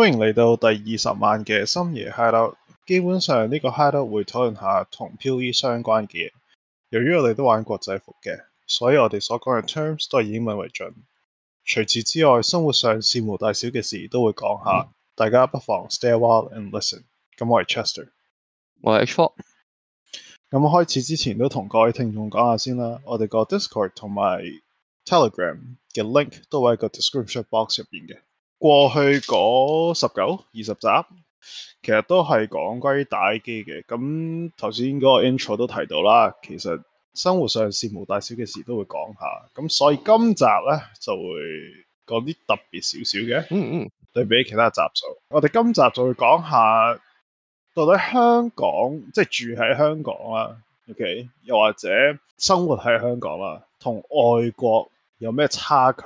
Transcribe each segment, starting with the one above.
歡迎嚟到第二十萬嘅深夜 h i hideout。基本上呢個 hideout 會討論下同 PoE 相關嘅嘢。由於我哋都玩國際服嘅，所以我哋所講嘅 terms 都係以英文為準。除此之外，生活上事無大小嘅事都會講下，嗯，大家不妨 stay a while and listen。咁我係 Chester，我係 Xbox。咁開始之前都同各位聽眾講下先啦。我哋個 Discord 同埋 Telegram 嘅 link 都會喺個 description box 入邊嘅。過去嗰十九二十集，其實都係講關於打機嘅。咁頭先嗰個 intro 都提到啦，其實生活上事無大小嘅事都會講下。咁所以今集咧就會講啲特別少少嘅。嗯嗯，對比其他集數，我哋今集就會講下到底香港即係、就是、住喺香港啦，OK，又或者生活喺香港啦，同外國有咩差距？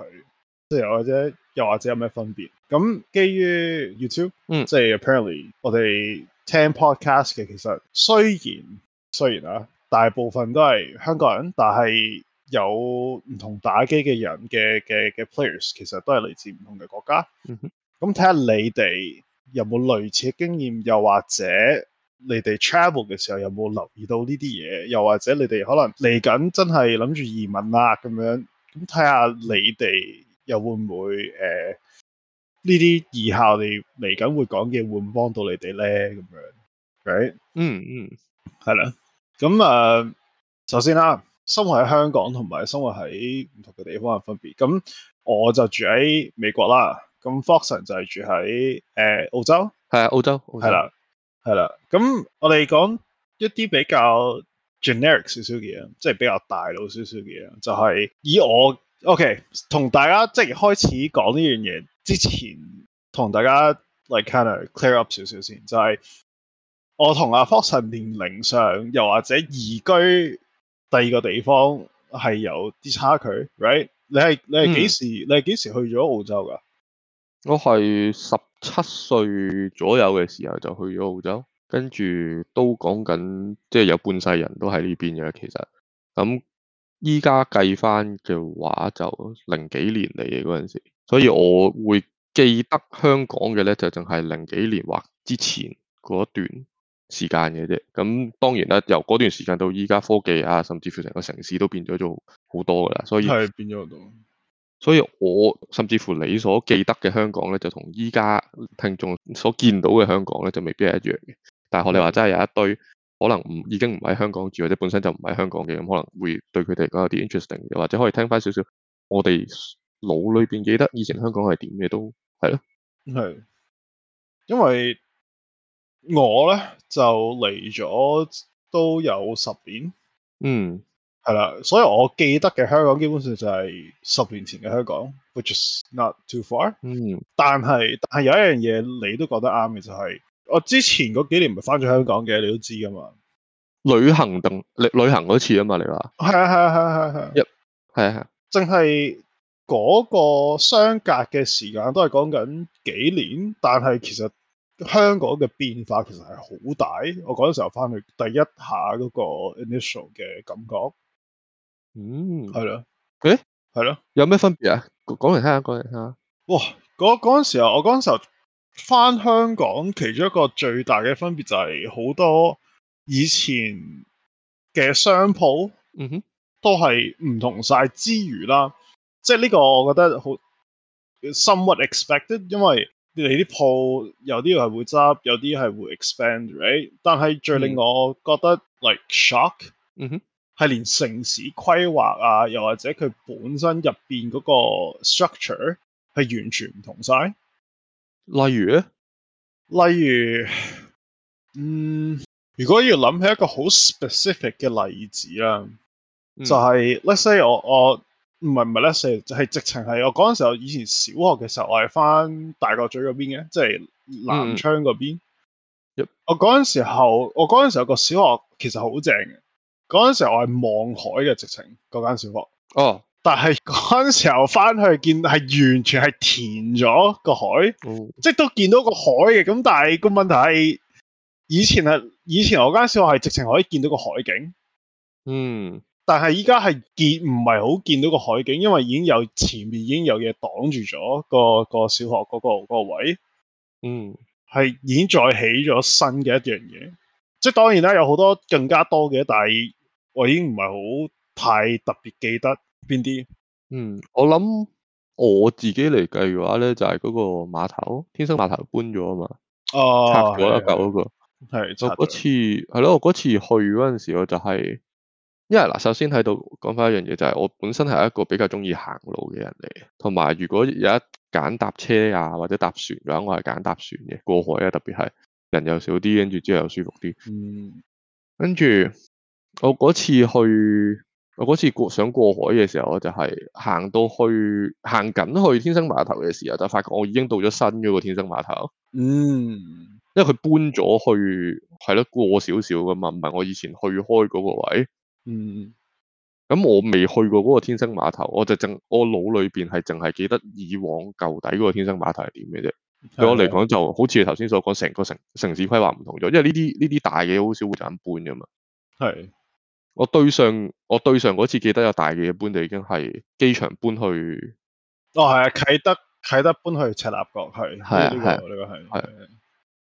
即係又或者。又或者有咩分別？咁基於 YouTube，即、嗯、係、就是、apparently，我哋聽 podcast 嘅，其實雖然雖然啊，大部分都係香港人，但係有唔同打機嘅人嘅嘅嘅 players，其實都係嚟自唔同嘅國家。咁、嗯、睇下你哋有冇類似嘅經驗，又或者你哋 travel 嘅時候有冇留意到呢啲嘢？又或者你哋可能嚟緊真係諗住移民啦、啊、咁樣？咁睇下你哋。又會唔會誒？呢、呃、啲以下我哋嚟緊會講嘅會唔會幫到你哋咧？咁樣，right，嗯嗯，係啦。咁誒、呃，首先啦，生活喺香港同埋生活喺唔同嘅地方嘅分別。咁我就住喺美國啦。咁 Foxon 就係住喺誒澳洲，係、呃、啊，澳洲，係啦，係啦。咁我哋講一啲比較 generic 少少嘅嘢即係、就是、比較大路少少嘅嘢，就係、是、以我。OK，同大家即係開始講呢樣嘢之前，同大家嚟、like、kind of clear up 少少先，就係、是、我同阿 Foster 年齡上，又或者移居第二個地方係有啲差距，right？你係你係幾時？嗯、你係幾時去咗澳洲㗎？我係十七歲左右嘅時候就去咗澳洲，跟住都講緊，即係有半世人都喺呢邊嘅其實，咁、嗯。依家計翻嘅話就零幾年嚟嘅嗰陣時，所以我會記得香港嘅咧就淨係零幾年或之前嗰段時間嘅啫。咁當然啦，由嗰段時間到依家，科技啊，甚至乎成個城市都變咗做好多噶啦。所以係變咗好多。所以我甚至乎你所記得嘅香港咧，就同依家聽眾所見到嘅香港咧，就未必係一樣嘅。但係學你話真係有一堆。可能唔已經唔喺香港住，或者本身就唔係香港嘅，咁可能會對佢哋講有啲 interesting，又或者可以聽翻少少我哋腦裏邊記得以前香港係點嘅都係咯。係，因為我咧就嚟咗都有十年，嗯係啦，所以我記得嘅香港基本上就係十年前嘅香港，which is not too far。嗯，但係，但係但係有一樣嘢你都覺得啱嘅就係、是。我之前嗰幾年唔係翻咗香港嘅，你都知噶嘛？旅行定旅旅行嗰次啊嘛，你話係啊係啊係啊係啊係一係啊係，淨係嗰個相隔嘅時間都係講緊幾年，但係其實香港嘅變化其實係好大。我嗰陣時候翻去第一下嗰個 initial 嘅感覺，嗯係咯，誒係咯，有咩分別啊？講嚟聽下，講嚟聽下。哇、哦！嗰嗰陣時候，我嗰陣時候。返香港，其中一個最大嘅分別就係好多以前嘅商鋪，嗯哼，都係唔同曬之餘啦。即係呢個我覺得好 somewhat expected，因為你啲鋪有啲係會執，有啲係會 expand，right? 但係最令我覺得、mm -hmm. like shock，係、mm -hmm. 連城市規劃啊，又或者佢本身入面嗰個 structure 係完全唔同曬。例如咧，例如，嗯，如果要諗起一個好 specific 嘅例子啦，就係，嗯，Let’s say 我我唔係唔係 Let’s say 就係，直情係我嗰陣時候以前小學嘅時候，我係返大角咀嗰邊嘅，即係南昌嗰邊。嗯 yep. 我嗰陣時候，我嗰陣時候個小學其實好正嘅。嗰陣時候我係望海嘅，直情嗰間小學。哦。但係嗰陣時候翻去見係完全係填咗個海，嗯、即係都見到個海嘅。咁但係個問題係，以前係以前我間小學係直情可以見到個海景。嗯但是現在是，但係依家係見唔係好見到個海景，因為已經有前面已經有嘢擋住咗個、嗰個小學嗰、嗰個、嗰個位。嗯，係已經再起咗新嘅一樣嘢。即係當然啦，有好多更加多嘅，但係我已經唔係好太特別記得。邊啲？嗯，我諗我自己嚟計嘅話咧，就係、是、嗰個碼頭，天星碼頭搬咗啊嘛，哦、拆咗一嚿嗰個。係，我嗰次係咯，我嗰次，、嗯、次去嗰陣時，我就係，因為嗱，首先喺度講翻一樣嘢，就係、是、我本身係一個比較中意行路嘅人嚟，同埋如果有一揀搭車啊，或者搭船嘅話，我係揀搭船嘅，過海啊特別，特別係人又少啲，跟住之後又舒服啲。嗯，跟住我嗰次去。我嗰次過想過海嘅時候，我就係行到去行緊去天星碼頭嘅時候，就發覺我已經到咗新嗰個天星碼頭。嗯，因為佢搬咗去係咯，過少少噶嘛，唔係我以前去開嗰個位。嗯，咁我未去過嗰個天星碼頭，我就淨我腦裏邊係淨係記得以往舊底嗰個天星碼頭係點嘅啫。對我嚟講，就好似你頭先所講，成個城城市規劃唔同咗，因為呢啲呢啲大嘢好少會就咁搬噶嘛。係。我對上我對上嗰次記得有大嘅嘢，搬就已經係機場搬去哦，哦係啊啟德，啟德搬去赤鱲角去，係係呢個係係，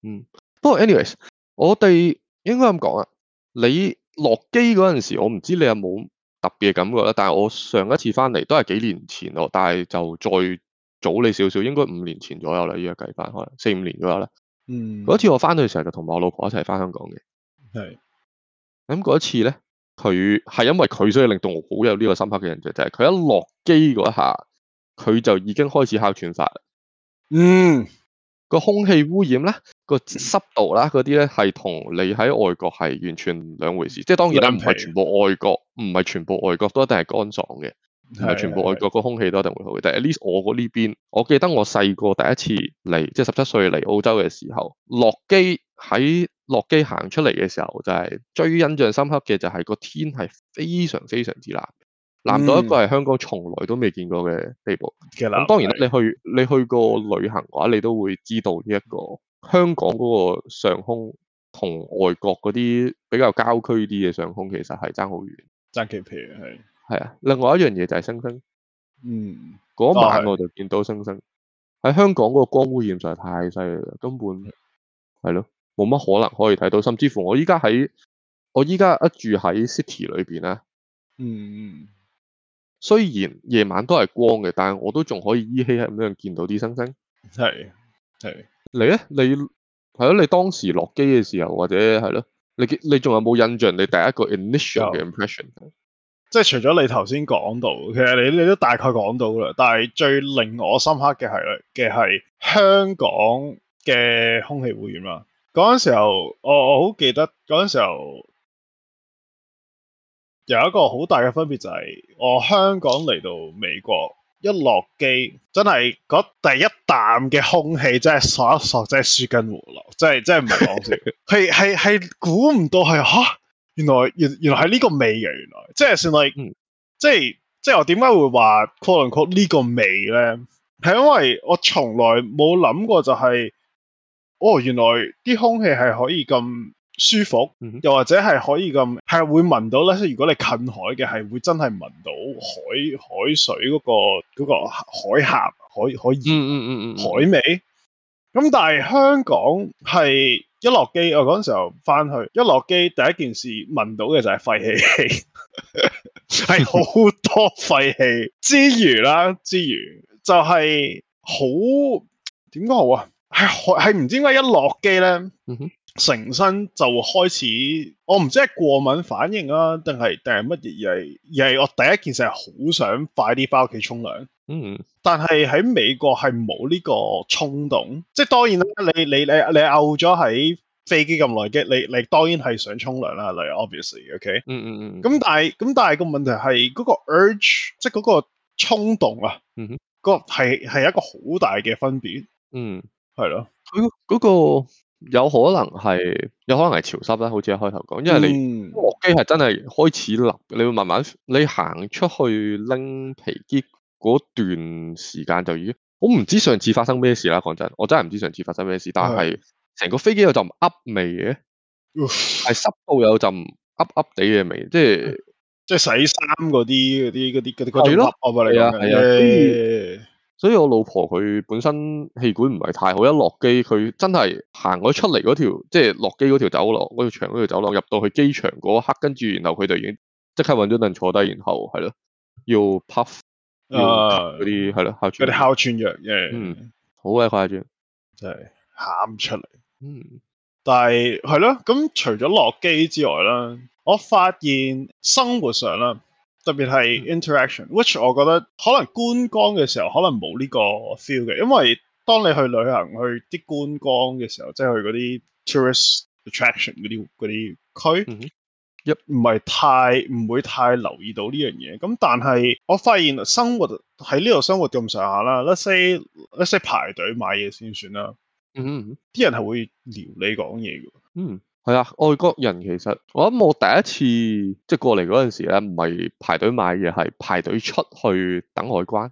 嗯，不過 anyways 我哋應該咁講啊，你落機嗰陣時我唔知你有冇特別嘅感覺啦，但係我上一次翻嚟都係幾年前咯，但係就再早你少少應該五年前左右啦，依家計翻可能四五年左右啦。嗯，嗰次我翻去嘅時候就同埋我老婆一齊翻香港嘅。係咁嗰一次咧。佢係因為佢，所以令到我好有呢個深刻嘅印象，就係、是、佢一落機嗰下，佢就已經開始哮喘發了。嗯，個空氣污染咧，個濕度啦，嗰啲咧係同你喺外國係完全兩回事。即、就、係、是、當然唔係全部外國，唔係全部外國都一定係乾爽嘅，唔係全部外國個空氣都一定會好。但係 at least 我嗰呢邊，我記得我細個第一次嚟，即係十七歲嚟澳洲嘅時候，落機喺。落機行出嚟嘅時候，就係、是、最印象深刻嘅就係個天係非常非常之藍，藍到一個係香港從來都未見過嘅地步。咁、嗯、當然、嗯、你去你去過旅行嘅話，你都會知道呢、這、一個香港嗰個上空同外國嗰啲比較郊區啲嘅上空其實係爭好遠的，爭幾皮嘅係啊。另外一樣嘢就係星星，嗯，嗰晚我就見到星星喺、哎、香港嗰個光污染實在太犀利啦，根本係咯。嗯，係啊。冇乜可能可以睇到，甚至乎我依家喺我依家一住喺 city 裏邊咧，嗯，雖然夜晚都係光嘅，但係我都仲可以依稀咁樣見到啲星星。係係，你咧？你係咯？你當時落機嘅時候，或者係咯？你你仲有冇印象？你第一個 initial 嘅 impression？即係、就是、除咗你頭先講到，其實你你都大概講到啦。但係最令我深刻嘅係啦嘅係香港嘅空氣污染啊。嗰陣時候，我我好記得嗰陣時候，有一個好大嘅分別就係，我香港嚟到美國，一落機真係嗰第一啖嘅空氣真係索一索，真係舒筋活絡，真係真係唔係講笑。係係係估唔到係吓，原來原原來係呢個味嘅，原來即係算係，即係、嗯、即係我點解會話跨輪跨呢個味咧？係因為我從來冇諗過就係。哦，原來啲空氣係可以咁舒服，又或者係可以咁，係會聞到咧。所以如果你近海嘅，係會真係聞到海海水嗰、嗰個嗰、嗰個海咸，可可海,海味。咁、嗯嗯嗯嗯、但係香港係一落機，我嗰陣時候翻去，一落機第一件事聞到嘅就係廢氣，係 好多廢氣 之餘啦、啊，之餘就係好點講好啊？係唔知點解一落機咧，成身就開始，我唔知係過敏反應啊，定係定係乜嘢，而係而係我第一件事係好想快啲翻屋企沖涼。嗯，但係喺美國係冇呢個沖動，即係當然啦，你你你你拗咗喺飛機咁耐嘅，你你，你，你，你當然係想沖涼啦，例如、like、obviously，ok、okay? 嗯嗯嗯。咁但係咁但係個問題係嗰個 urge，即係嗰個沖動啊，嗯哼，個係係一個好大嘅分別，嗯。係咯，佢、那、嗰個有可能係，有可能係潮濕啦，好似開頭講，因為你落機係真係開始立，你會慢慢你行出去拎皮喼嗰段時間就已經，我唔知上次發生咩事啦，講真，我真係唔知上次發生咩事，但係成個飛機有陣噏、呃、味嘅，係濕到有陣噏噏地嘅味，即係即係洗衫嗰啲啲啲嗰啲嗰啲噏噏嚟。所以我老婆佢本身氣管唔係太好，一落機佢真係行咗出嚟嗰條，即係落機嗰條走廊，嗰條長嗰條走廊入到去機場嗰刻，跟住然後佢就已經即刻揾咗凳坐低，然後係咯要 puff 要那些啊嗰啲係咯，嗰啲哮喘藥嘅，yeah, yeah, yeah。嗯，好鬼誇張，真係喊出嚟，嗯，但係係咯，咁除咗落機之外啦，我發現生活上啦。特別係 interaction，which、mm -hmm. 我覺得可能觀光嘅時候可能冇呢個 feel 嘅，因為當你去旅行去啲觀光嘅時候，即係去嗰啲 tourist attraction 嗰啲啲區，一唔係太唔會太留意到呢樣嘢。咁但係我發現生活喺呢度生活咁上下啦，let’s say let’s say 排隊買嘢先算啦，啲、mm -hmm. 人係會撩你講嘢嘅，嗯、mm -hmm.。係啊，外國人其實我諗我第一次即係過嚟嗰陣時咧，唔係排隊買嘢，係排隊出去等海關。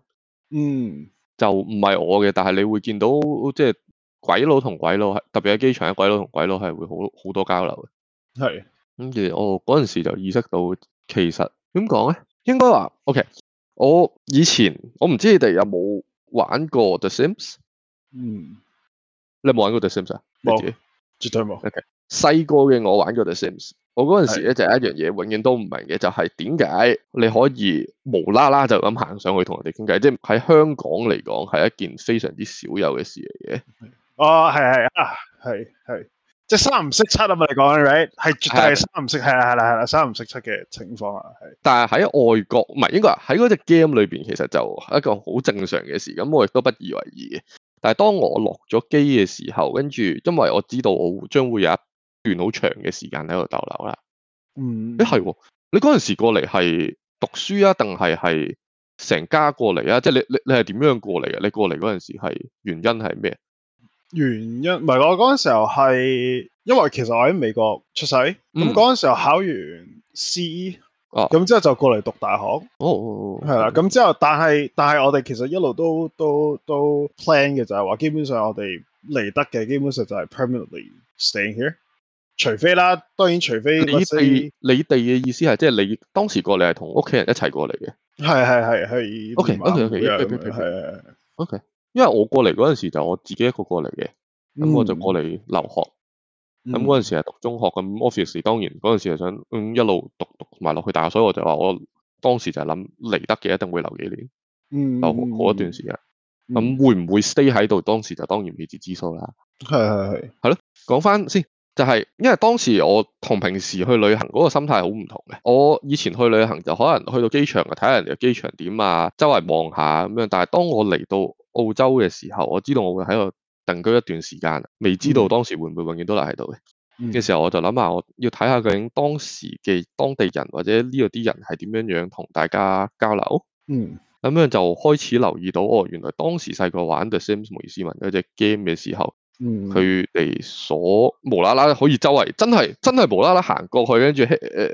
嗯，就唔係我嘅，但係你會見到即係鬼佬同鬼佬，特別喺機場嘅鬼佬同鬼佬係會好好多交流嘅。係，咁其實我嗰陣時就意識到，其實點講咧，應該話，OK，我以前我唔知你哋有冇玩過 The Sims。嗯，你冇玩過 The Sims 啊？冇，絕對冇。OK。細個嘅我玩過 The Sims，我嗰陣時咧，就係一樣嘢，永遠都唔明嘅就係點解你可以無啦啦就咁行上去同人哋傾偈。即係喺香港嚟講係一件非常之少有嘅事嚟嘅。 哦，係係啊，係係，即係三唔識七啊嘛，你講，right 係絕對係三唔識，係啦係啦係啦，三唔識七嘅情況啊。但係喺外國，唔係應該喺嗰隻 game 裏邊，其實就係一個好正常嘅事情，咁我亦都不以爲意嘅。但係當我落咗機嘅時候，跟住因爲我知道我會將會有一。段好長嘅時間喺度逗留啦。嗯，誒係喎，你嗰陣時過嚟係讀書啊，定係係成家過嚟啊？即係你你你係點樣過嚟啊？你過嚟嗰陣時係原因係咩？原因唔係我嗰陣時候係因為其實我喺美國出世，咁嗰陣時候考完 CE，咁之後就過嚟讀大學。哦，係啦，okay. 咁之後但係但係我哋其實一路都都都 plan 嘅就係話，基本上我哋嚟得嘅，基本上就係 permanently staying here。除非啦，當然除非你哋，你哋嘅意思係即係你當時過嚟係同屋企人一齊過嚟嘅，係係係係。O K O K O K O K，因為我過嚟嗰陣時就我自己一個過嚟嘅，咁、嗯、我就過嚟留學，咁嗰陣時係讀中學，咁 O F F I C E 當然嗰陣時係想、嗯、一路讀讀埋落去大學，所以我就話我當時就諗嚟得嘅一定會留幾年，留過一段時間，咁、嗯、會唔會 stay 喺度？當時就當然未知之數啦。係係係係咯，講翻先。就係、是，因為當時我同平時去旅行嗰個心態好唔同嘅。我以前去旅行就可能去到機場啊，睇下人哋機場點啊，周圍望下咁樣。但係當我嚟到澳洲嘅時候，我知道我會喺度定居一段時間，未知道當時會唔會永遠都留喺度嘅嘅時候，我就諗下，我要睇下究竟當時嘅當地人或者呢度啲人係點樣樣同大家交流。嗯，咁樣就開始留意到，哦，原來當時細個玩 The Sims 模擬市民嗰隻 game 嘅時候。佢、嗯、哋所無啦啦可以周圍真係真係無啦啦行過去，跟住誒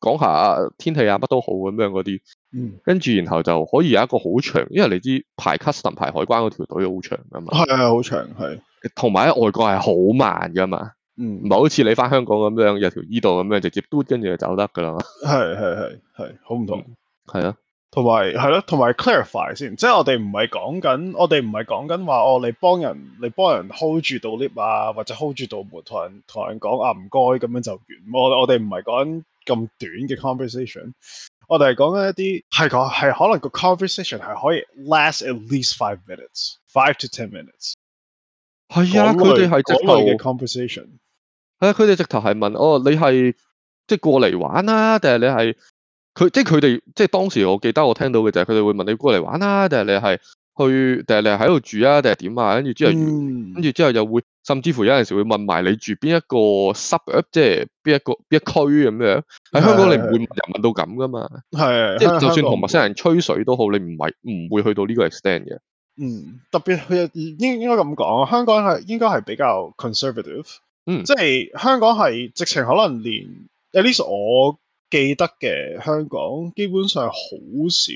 講下天氣啊，乜都好咁樣嗰啲，嗯，跟住然後就可以有一個好長，因為你知道排 custom、排海關嗰條隊好長噶嘛，係係好長係，同埋喺外國係好慢噶嘛，嗯，唔係好似你翻香港咁樣有條 e 道咁樣直接嘟跟住就走得噶啦，係係係係好唔同，係、嗯、啊。同埋係咯，同埋 clarify 先，即係我哋唔係講緊，我哋唔係講緊話，我嚟幫人，你幫人 hold 住道 lift 啊，或者 hold 住道門，同人同人講啊，唔該咁樣就完。我哋唔係講咁短嘅 conversation，我哋係講緊一啲，係講，係可能個 conversation 係可以 last at least five minutes，five to ten minutes。係啊，佢哋係講耐嘅 conversation。係啊，佢哋直頭係問哦，你係即係過嚟玩啊，定係你係？佢即係佢哋，即係當時我記得我聽到嘅就係佢哋會問你過嚟玩啦，啊，定係你係去，定係你喺度住啊，定係點啊？跟住之後，跟、嗯、住之後又會，甚至乎有陣時會問埋你住邊一個 suburb，即係邊一個邊一區咁樣。喺香港你唔會問，是是是人問到咁噶嘛？係，即係就算同陌生人吹水都好，你唔係唔會去到呢個 extent 嘅。嗯，特別佢應應該咁講，香港係應該係比較 conservative、嗯。即係香港係直情可能連 at least 我。記得嘅香港基本上好少，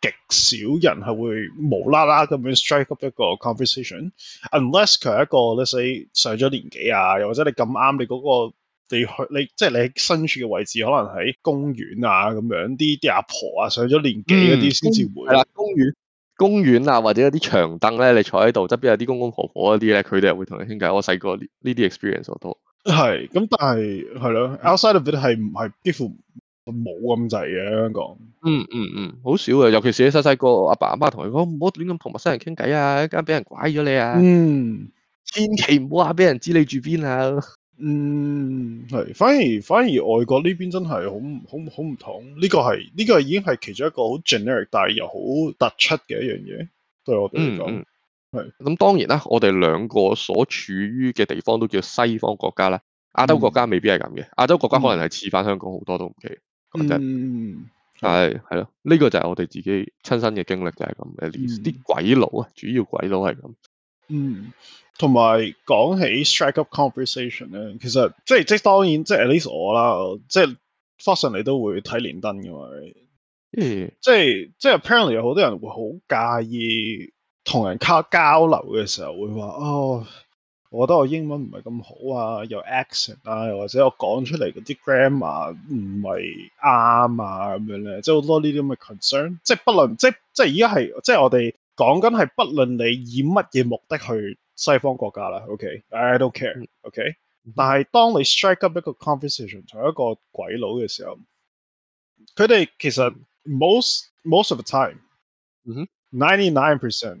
極少人係會無啦啦咁樣 strike up 一個 conversation，unless 佢係一個，例如上咗年紀啊，又或者你咁啱你嗰、那個你去你即係、就是、你喺身處嘅位置，可能喺公園啊咁樣啲啲阿婆啊上咗年紀嗰啲先至會啦、嗯、公園公園啊，或者一啲長凳咧，你坐喺度側邊有啲公公婆婆嗰啲咧，佢哋會同你傾偈。我細個呢啲 experience 好多。係，咁但係係咯，outside of it 係唔係幾乎冇咁滯嘅，香港，嗯嗯嗯，好、嗯、少嘅，尤其是啲細細個阿爸阿媽同佢講，唔好亂咁同陌生人傾偈啊，一間俾人，人拐咗你啊，嗯，千祈唔好話俾人知你住邊啊，嗯，係，反而反而外國呢邊真係好好好唔同，呢、這個係呢、這個已經係其中一個好 generic，但係又好突出嘅一樣嘢，對我哋嚟講。嗯嗯咁，當然啦，我哋兩個所處於嘅地方都叫西方國家啦。亞洲國家未必係咁嘅，亞、嗯、洲國家可能係似翻香港好多都唔奇。嗯，係係咯，呢、嗯嗯這個就係我哋自己親身嘅經歷就係、是、咁。at least 啲、嗯、鬼佬啊，主要鬼佬係咁。嗯，同埋講起 strike up conversation 咧，其實即係即係當然即係 at least 我啦，即係 Fosson 你都會睇連登嘅嘛？嗯、即係即係 Apparently 有好多人會好介意。同人卡交流嘅時候會話哦，我覺得我英文唔係咁好啊，又 accent 啊，又或者我講出嚟嗰啲 grammar 唔係啱啊咁樣咧，即係好多呢啲咁嘅 concern。即係不論即係即係依家係即係我哋講緊係不論你以乜嘢目的去西方國家啦，OK，I don't care，OK。但係當你 strike up 一個 conversation 同一個鬼佬嘅時候，佢哋其實 most most of the time，嗯哼，ninety nine percent。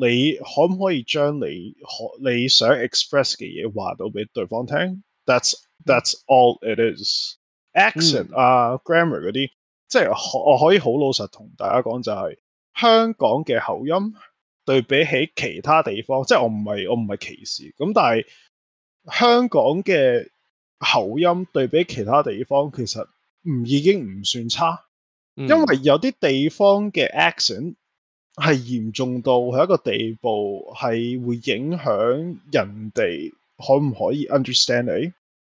你可唔可以將你可你想 express 嘅嘢話到俾對方聽？That's that's all it is. Accent 啊、嗯、grammar 嗰啲，即係我可以好老實同大家講就係、是、香港嘅口音對比起其他地方，即係我唔係我唔係歧視。咁但係香港嘅口音對比起其他地方，其實唔已經唔算差，嗯，因為有啲地方嘅 accent。係嚴重到係一個地步，係會影響人哋可唔可以 understand 你。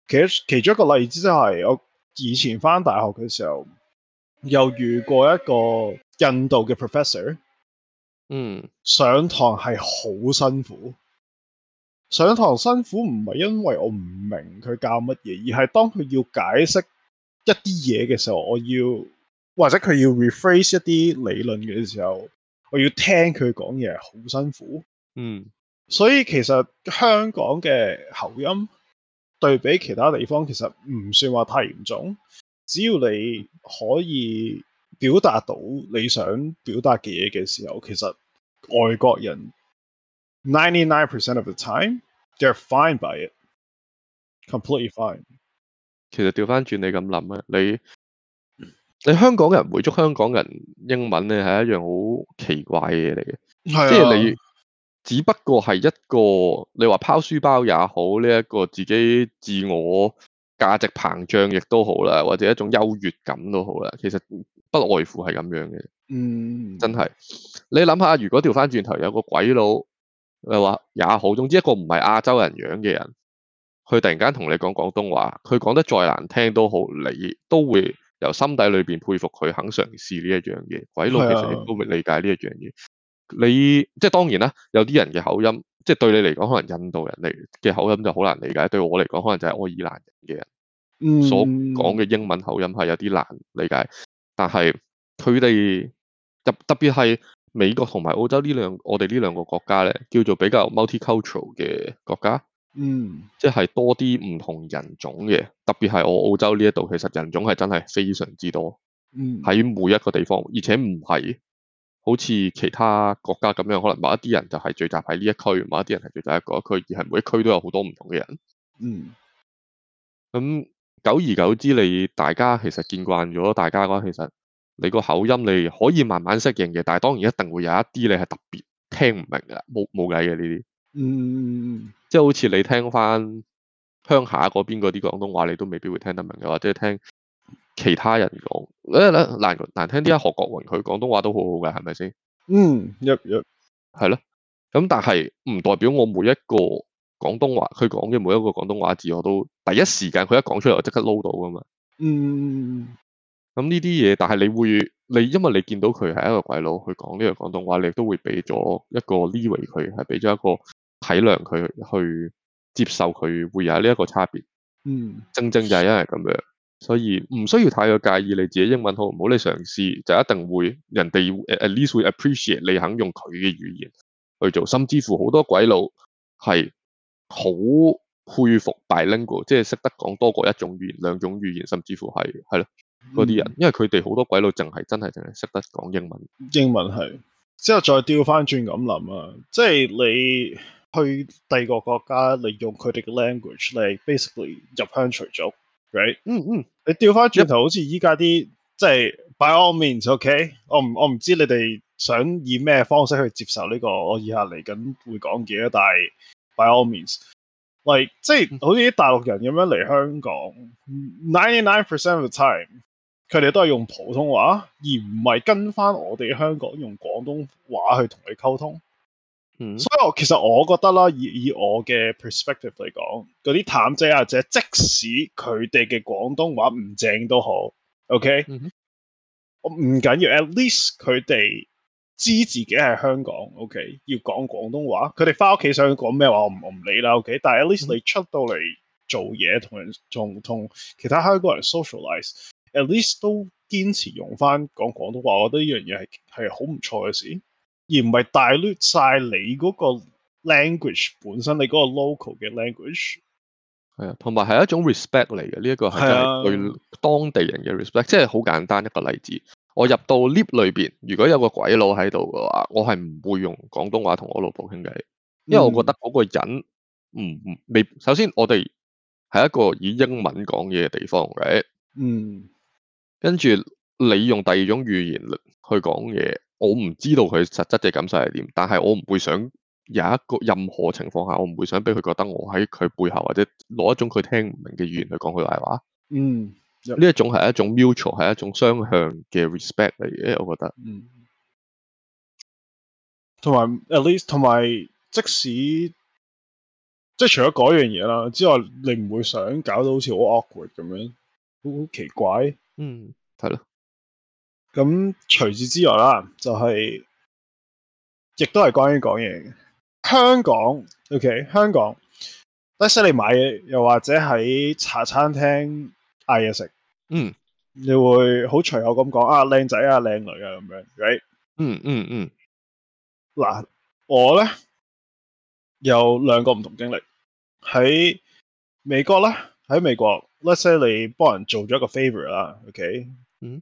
其實其中一個例子就係、是、我以前翻大學嘅時候，又遇過一個印度嘅 professor，嗯，上堂係好辛苦。上堂辛苦唔係因為我唔明佢教乜嘢，而係當佢要解釋一啲嘢嘅時候，我要或者佢要 rephrase 一啲理論嘅時候。我要聽佢講嘢係好辛苦，嗯，所以其實香港嘅口音對比其他地方其實唔算話太嚴重。只要你可以表達到你想表達嘅嘢嘅時候，其實外國人 ninety-nine percent of the time they're fine by it, completely fine。其實調翻轉你咁諗啊，你。你香港人回足香港人英文咧，係一樣好奇怪嘅嘢嚟嘅，即係你只不過係一個你話拋書包也好，呢一個自己自我價值膨脹亦都好啦，或者一種優越感都好啦，其實不外乎係咁樣嘅。嗯，真係你諗下，如果調翻轉頭有個鬼佬，你話也好，總之一個唔係亞洲人樣嘅人，佢突然間同你講廣東話，佢講得再難聽都好，你都會。由心底裏邊佩服佢肯嘗試呢一樣嘢，鬼佬其實亦都會理解呢一樣嘢。你即係當然啦，有啲人嘅口音，即係對你嚟講，可能印度人嚟嘅口音就好難理解；對我嚟講，可能就係愛爾蘭人嘅人所講嘅英文口音係有啲難理解。但係佢哋特特別係美國同埋澳洲呢兩我哋呢兩個國家咧，叫做比較 multicultural 嘅國家。嗯，即係多啲唔同人種嘅，特別係我澳洲呢一度，其實人種係真係非常之多。嗯，喺每一個地方，而且唔係好似其他國家咁樣，可能某一啲人就係聚集喺呢一區，某一啲人係聚集喺嗰一區，而係每一區都有好多唔同嘅人。嗯，咁久而久之，你大家其實見慣咗，大家嘅其實你個口音你可以慢慢適應嘅，但係當然一定會有一啲你係特別聽唔明嘅，冇冇計嘅呢啲。嗯，即係好似你聽翻鄉下嗰邊嗰啲廣東話，你都未必會聽得明嘅，或、就、者、是、聽其他人講咧咧難難聽啲啊。何國榮佢廣東話都好好嘅，係咪先？嗯，入入係咯。咁、嗯、但係唔代表我每一個廣東話，佢講嘅每一個廣東話字，我都第一時間佢一講出嚟，我即刻撈到噶嘛。嗯，咁呢啲嘢，但係你會你，因為你見到佢係一個鬼佬，佢講呢個廣東話，你都會俾咗一個 leeway 佢係俾咗一個。體諒佢去接受佢會有呢一個差別，嗯，正正就係因為咁樣，所以唔需要太過介意你自己英文好唔好，你嘗試就一定會人哋 at least 會 appreciate 你肯用佢嘅語言去做，甚至乎好多鬼佬係好佩服 bilingual，即係識得講多過一種語言、兩種語言，甚至乎係咯嗰啲人，因為佢哋好多鬼佬淨係真係淨係識得講英文，英文係之後再調返轉咁諗啊，即係你。去第二個國家，利用佢哋嘅 language，你、 like, basically 入鄉隨俗，right？嗯、mm、嗯 -hmm.，你調翻轉頭，好似依家啲即係 by all means，ok？、Okay? 我唔我唔知你哋想以咩方式去接受呢個，我以下嚟緊會講嘅，但係 by all means，like 即、就、係、是、好似啲大陸人咁樣嚟香港，ninety nine percent of the time，佢哋都係用普通話，而唔係跟翻我哋香港用廣東話去同佢溝通。所以我，我其實我覺得啦，以以我嘅 perspective 嚟講，嗰啲淡仔或者即使佢哋嘅廣東話唔正都好，OK，mm-hmm. 我唔緊要，at least 佢哋知自己係香港，OK，要講廣東話。佢哋翻屋企想講咩話，我唔我唔理啦，OK。但係 at least 你出到嚟做嘢，同人仲同其他香港人 socialize，at least 都堅持用翻講廣東話，我覺得呢樣嘢係係好唔錯嘅事。而唔係 dilute 曬你嗰個 language 本身，你嗰個 local 嘅 language，係啊，同埋係一種 respect 嚟嘅。呢、這、一個係對當地人嘅 respect，係、啊、即係好簡單一個例子。我入到 lift 裏邊，如果有個鬼佬喺度嘅話，我係唔會用廣東話同我老婆傾偈，因為我覺得嗰個人唔未、嗯、首先我哋係一個以英文講嘢嘅地方嘅。嗯，跟住你用第二種語言去講嘢。我唔知道佢實質嘅感受係點，但係我唔會想有一個任何情況下，我唔會想俾佢覺得我喺佢背後，或者攞一種佢聽唔明嘅語言去講佢壞話。嗯，呢一種係一種 mutual，係、嗯、一種雙向嘅 respect 嚟嘅，我覺得。嗯。同埋 at least，同埋即使即係除咗嗰樣嘢啦之外，你唔會想搞到好似好 awkward 咁樣，好奇怪。嗯，係咯。咁除此之外啦，就係、是、亦都係關於講嘢嘅。香港，OK，香港，Let’s say 你買嘢，又或者喺茶餐廳嗌嘢食，嗯，你會好隨口咁講啊，靚仔啊，靚女啊咁樣、啊，right？嗯嗯嗯。嗱、嗯，我咧有兩個唔同經歷。喺美國啦，喺美國，Let’s say 你幫人做咗一個 favor 啦，OK？嗯。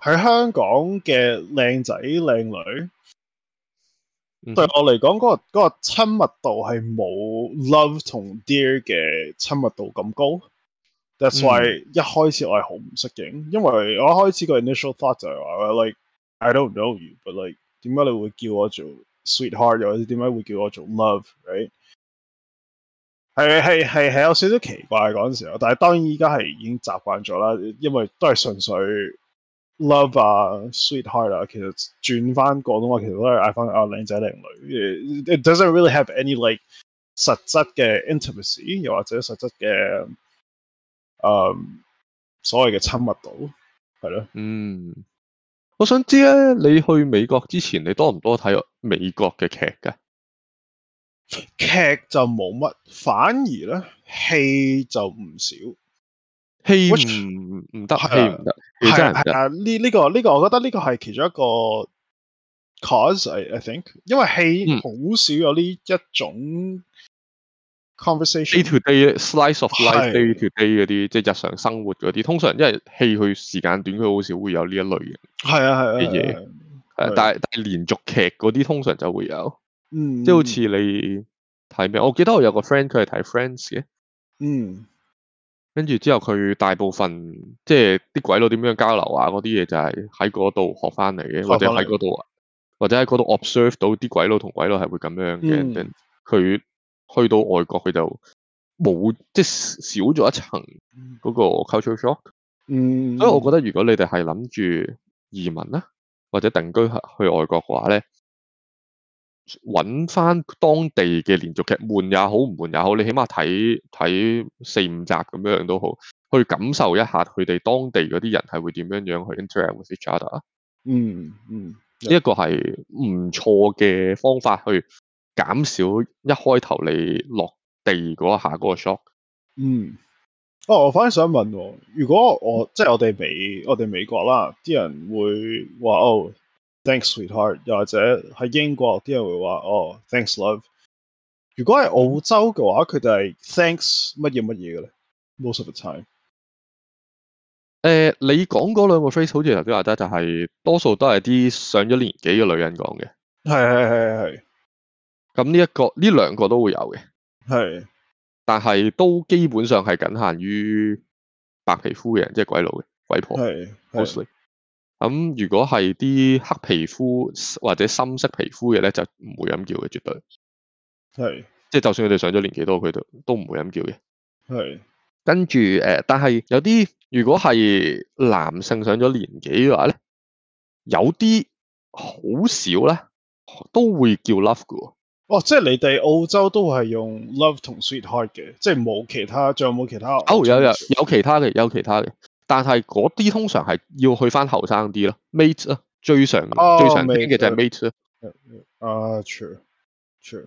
喺香港嘅靚仔靚女，對我嚟講嗰個嗰個親密度係冇 love 同 dear 嘅親密度咁高。That's why、嗯、一開始我係好唔適應，因為我一開始個 initial thought 就係話，like I don't know you，but like 點解你會叫我做 sweetheart 啊？點解會叫我做 love？right？係係係係有少少奇怪嗰陣時候，但係當然依家係已經習慣咗啦，因為都係純粹。Love 啊、uh，sweetheart 啊，其實轉翻過咁話，其實都係嗌翻啊靚仔靚女。It doesn't really have any like 實質嘅 intimacy，又或者實質嘅誒、嗯、所謂嘅親密度，係咯。嗯，我想知咧，你去美國之前，你多唔多睇美國嘅劇㗎？劇就冇乜，反而咧戲就唔少。戲唔得，戲唔得，係係啊呢呢個呢個，這個、我覺得呢個係其中一個 cause，I I think，因為戲好、嗯、少有呢一種 conversation day to day slice of life、啊、day to day 嗰啲，即係、啊就是、日常生活嗰啲，通常因為戲佢時間短，佢好少會有呢一類嘅，係啊係啊啲嘢、啊啊，但係、啊、但係連續劇嗰啲通常就會有，嗯，即係好似你睇咩，我記得我有個 friend 佢係睇 Friends 嘅，嗯。跟住之後，佢大部分即係啲鬼佬點樣交流啊，嗰啲嘢就係喺嗰度學翻嚟嘅，或者喺嗰度或者喺嗰度 observe 到啲鬼佬同鬼佬係會咁樣嘅。佢、嗯、去到外國就冇，佢就冇即係少咗一層嗰個 culture shock、嗯。所以我覺得，如果你哋係諗住移民啦、啊，或者定居去外國嘅話咧。揾翻當地嘅連續劇，悶也好，唔悶也好，你起碼睇睇四五集咁樣都好，去感受一下佢哋當地嗰啲人係會點樣樣去 interact with each other 啊。嗯嗯，呢、這、一個係唔錯嘅方法去減少一開頭你落地嗰下嗰個 shock。嗯。哦，我反而想問，如果我、嗯、即係我哋畀，我哋美國啦，啲人會話，哦。Thanks, sweetheart。又或者喺英國啲人會話哦、oh，Thanks, love。如果係澳洲嘅話，佢哋係 Thanks 乜嘢乜嘢嘅咧。Most of the time、呃。誒，你講嗰兩個 phrase 好似頭先話齋，就係、是、多數都係啲上咗年紀嘅女人講嘅。係係係係。咁呢一個呢兩個都會有嘅。係。但係都基本上係僅限於白皮膚嘅人，即、就、係、是、鬼佬嘅鬼婆。係係。Mostly。咁、嗯、如果係啲黑皮膚或者深色皮膚嘅咧，就唔會咁叫嘅，絕對係。即係就算佢哋上咗年紀都，佢哋都唔會咁叫嘅。係。跟住誒、呃，但係有啲如果係男性上咗年紀嘅話咧，有啲好少咧都會叫 love 嘅。哦，即係你哋澳洲都係用 love 同 sweetheart 嘅，即係冇其他，仲有冇其他？哦，有有有其他嘅，有其他嘅。但係嗰啲通常係要去翻後生啲咯，mate 啊，最常、啊、最常聽嘅就係 mate 啊，啊,啊,啊 true true，誒、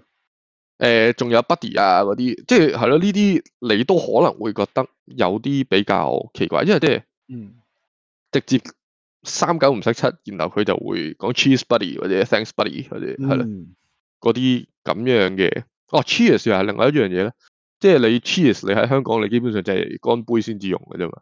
呃，仲有 buddy 啊嗰啲，即係係咯呢啲你都可能會覺得有啲比較奇怪，因為即係，嗯，直接三九唔識七，然後佢就會講 cheers buddy 或者 thanks buddy 嗰啲係啦，嗰啲咁樣嘅，哦 cheers 係、啊、另外一樣嘢咧，即係你 cheers 你喺香港你基本上就係乾杯先至用嘅啫嘛。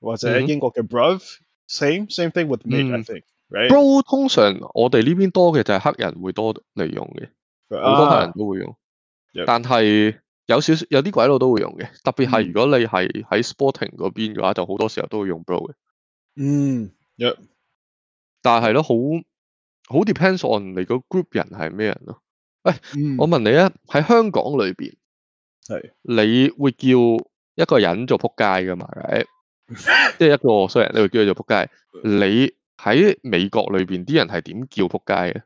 或者英國嘅 bro，same、嗯、same thing with mate，I、嗯、think、right? bro 通常我哋呢邊多嘅就係黑人會多利用嘅，好多黑人都會用，啊、但係有少少有啲鬼佬都會用嘅、嗯。特別係如果你係喺 sporting 嗰邊嘅話，就好多時候都會用 bro 嘅。嗯，有、嗯，但係咯，好好 depends on 你個 group 人係咩人咯。喂、哎嗯，我問你啊，喺香港裏邊係你會叫一個人做扑街噶嘛？right 即 係一個衰人你會叫佢做扑街？你喺美國裏邊啲人係點叫扑街嘅？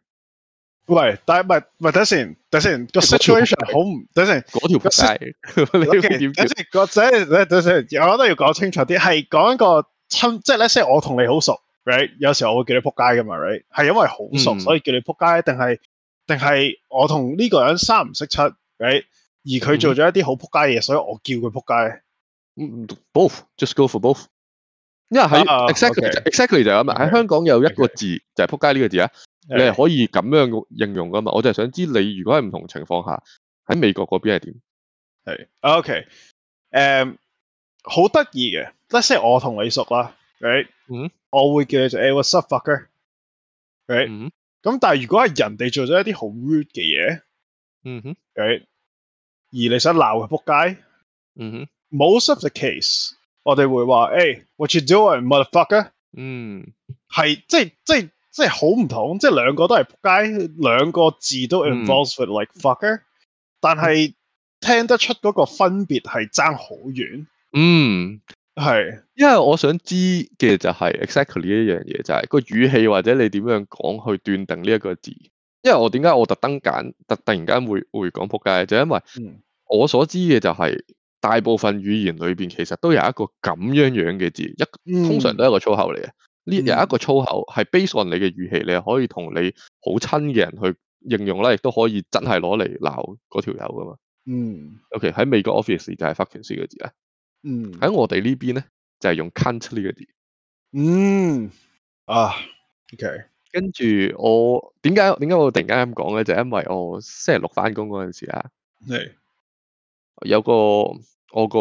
喂，但係唔係唔係，等先，等先，個 situation 好唔，等先，嗰條扑街，那個、扑街 okay, 你點？等先，個即係等先，就是、說我覺得要講清楚啲，係講一個親，即係咧，即係我同你好熟，right？有時候我會叫你扑街噶嘛 right？係因為好熟、嗯、所以叫你扑街，定係定係我同呢個人三唔識七 r、right? 而佢做咗一啲好扑街嘅嘢，所以我叫佢扑街。嗯，both，just go for both，因為係 exactly，exactly 就係咁啊！喺香港有一個字就係扑街呢個字啊，你係可以咁樣形容噶嘛？我就係想知你如果喺唔同情況下喺美國嗰邊係點？係，OK，誒，好得意嘅。Let’s say 我同你熟啦，right？嗯，我會叫你做 what's up fucker，right？咁但係如果係人哋做咗一啲好 rude 嘅嘢，嗯哼，right？而你想鬧佢扑街，嗯哼。Most of the case，我哋會話誒，hey，What you doing motherfucker？嗯，係即係即係即係好唔同，即係兩個都係仆街，兩個字都 involves with like fucker，嗯，但係聽得出嗰個分別係爭好遠。嗯，係，因為我想知嘅就係 exactly 一樣嘢就係，是，個語氣或者你點樣講去斷定呢一個字。因為我點解我特登揀特突然間會會講仆街咧，就因為我所知嘅就係，是。大部分語言裏邊其實都有一個咁樣樣嘅字，一通常都係一個粗口嚟嘅。呢、嗯、有一個粗口係 based on 你嘅語氣，你係可以同你好親嘅人去形容，啦，亦都可以真係攞嚟鬧嗰條友噶嘛。嗯。O.K. 喺美國 office 就係 fuckin’ 呢個字啦。嗯。喺我哋呢邊咧，就係、是、用 cunt 呢個字。嗯。啊。O.K. 跟住我點解點解我突然間咁講咧？就是、因為我星期六翻工嗰陣時啊。你。有個我個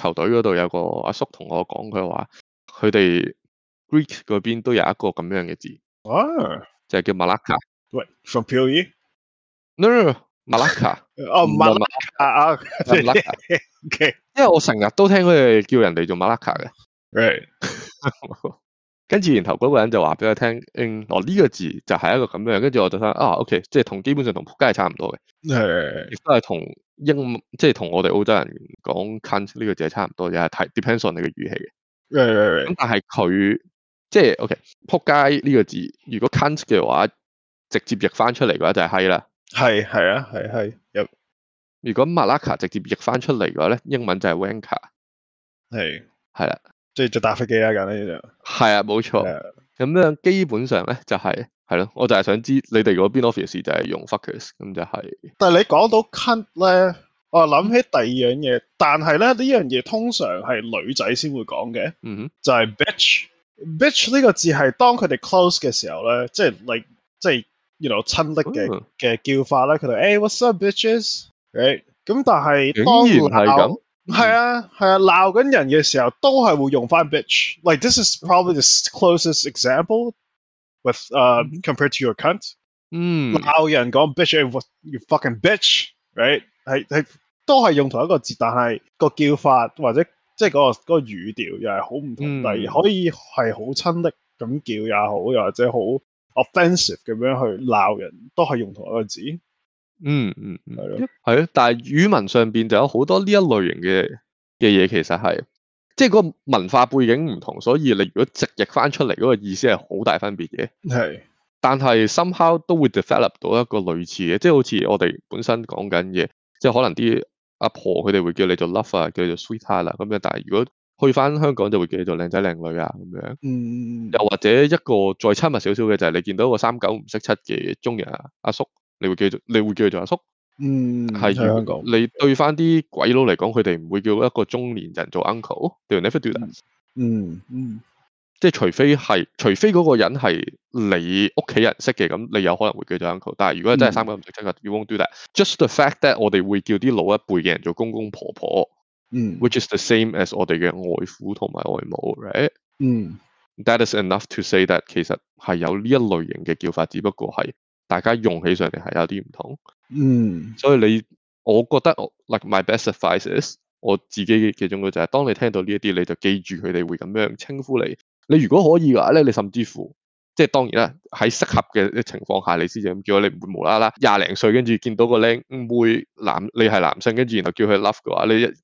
球隊嗰度有個阿叔同我講，佢話佢哋 Greek 嗰邊都有一個咁樣嘅字，啊、oh.，就係叫 Malaka。喂，From Puy？No，Malaka。哦 Malaka，Malaka。O.K. 因為我成日都聽佢哋叫人哋做 Malaka 嘅，Right。跟住然後嗰個人就話俾我聽，嗯、哦，我、這、呢個字就係一個咁樣，跟住我就想啊、哦、，O.K. 即係同基本上同撲街係差唔多嘅，誒，亦都係同。英文即係同我哋澳洲人講 cunt 呢個字係差唔多，就係睇 depends on 你嘅語氣嘅。誒誒誒。但係佢即係 OK，撲街呢個字，如果 cunt 嘅話，直接譯翻出嚟嘅話就係閪啦。係係啊，係閪。如果 Malaka 直接譯翻出嚟嘅話咧，英文就係 wanker。係係啦，即係就打飛機啦、啊，簡單啲就。係啊，冇錯。咁、啊、樣基本上咧就係、是。係咯，我就係想知道你哋嗰邊 office 就係用 fuckers 咁就係、是。但係你講到 cut 咧，我諗起第二樣嘢、mm -hmm. 樣嘢，但係咧呢樣嘢通常係女仔先會講嘅。嗯哼，就係 bitch，bitch 呢個字係當佢哋 close 嘅時候咧，即係 like 即係原來親戚嘅嘅叫法咧。佢哋誒 what's up bitches？誒、right?，咁但係當鬧係啊係啊鬧緊人嘅時候都係會用翻 bitch。Like this is probably the closest example。with，compared、uh, to your cunt，鬧、嗯、人講 bitch，a 你 fucking bitch，right？係係都係用同一個字，但係個叫法或者即係、嗰、嗰個嗰、嗰個語調又係好唔同。第、嗯、二可以係好親暱咁叫也好，又或者好 offensive 咁樣去鬧人，都係用同一個字。嗯嗯係咯係咯，但係語文上邊就有好多呢一類型嘅嘅嘢，其實係。即係個文化背景唔同，所以你如果直譯翻出嚟嗰個意思係好大分別嘅。係，但係 somehow 都會 develop 到一個類似嘅，即係好似我哋本身講緊嘅，即係可能啲阿婆佢哋會叫你做 lover，叫做 sweetheart 啦咁樣。但係如果去翻香港就會叫你做靚仔靚女啊咁樣。嗯。又或者一個再親密少少嘅就係你見到個三九唔識七嘅中年阿叔，你會叫做你會叫佢做阿叔。嗯，係咁講，你對翻啲鬼佬嚟講，佢哋唔會叫一個中年人做 uncle，do never do that 嗯。嗯嗯，即係除非係，除非嗰個人係你屋企人識嘅，咁你有可能會叫做 uncle。但係如果你真係三個人唔識嘅，you won't do that。Just the fact that 我哋會叫啲老一輩嘅人做公公婆婆，嗯，which is the same as 我哋嘅外父同埋外母，right？嗯，That is enough to say that 其實係有呢一類型嘅叫法，只不過係。大家用起上嚟係有啲唔同，嗯，所以你我覺得 like my best advice，我自己嘅嘅忠告就係，當你聽到呢一啲，你就記住佢哋會咁樣稱呼你。你如果可以嘅話咧，你甚至乎即係當然啦，喺適合嘅情況下，你先至咁叫。你唔會無啦啦廿零歲跟住見到個靚妹男，你係男性跟住然後叫佢 love 嘅話，你係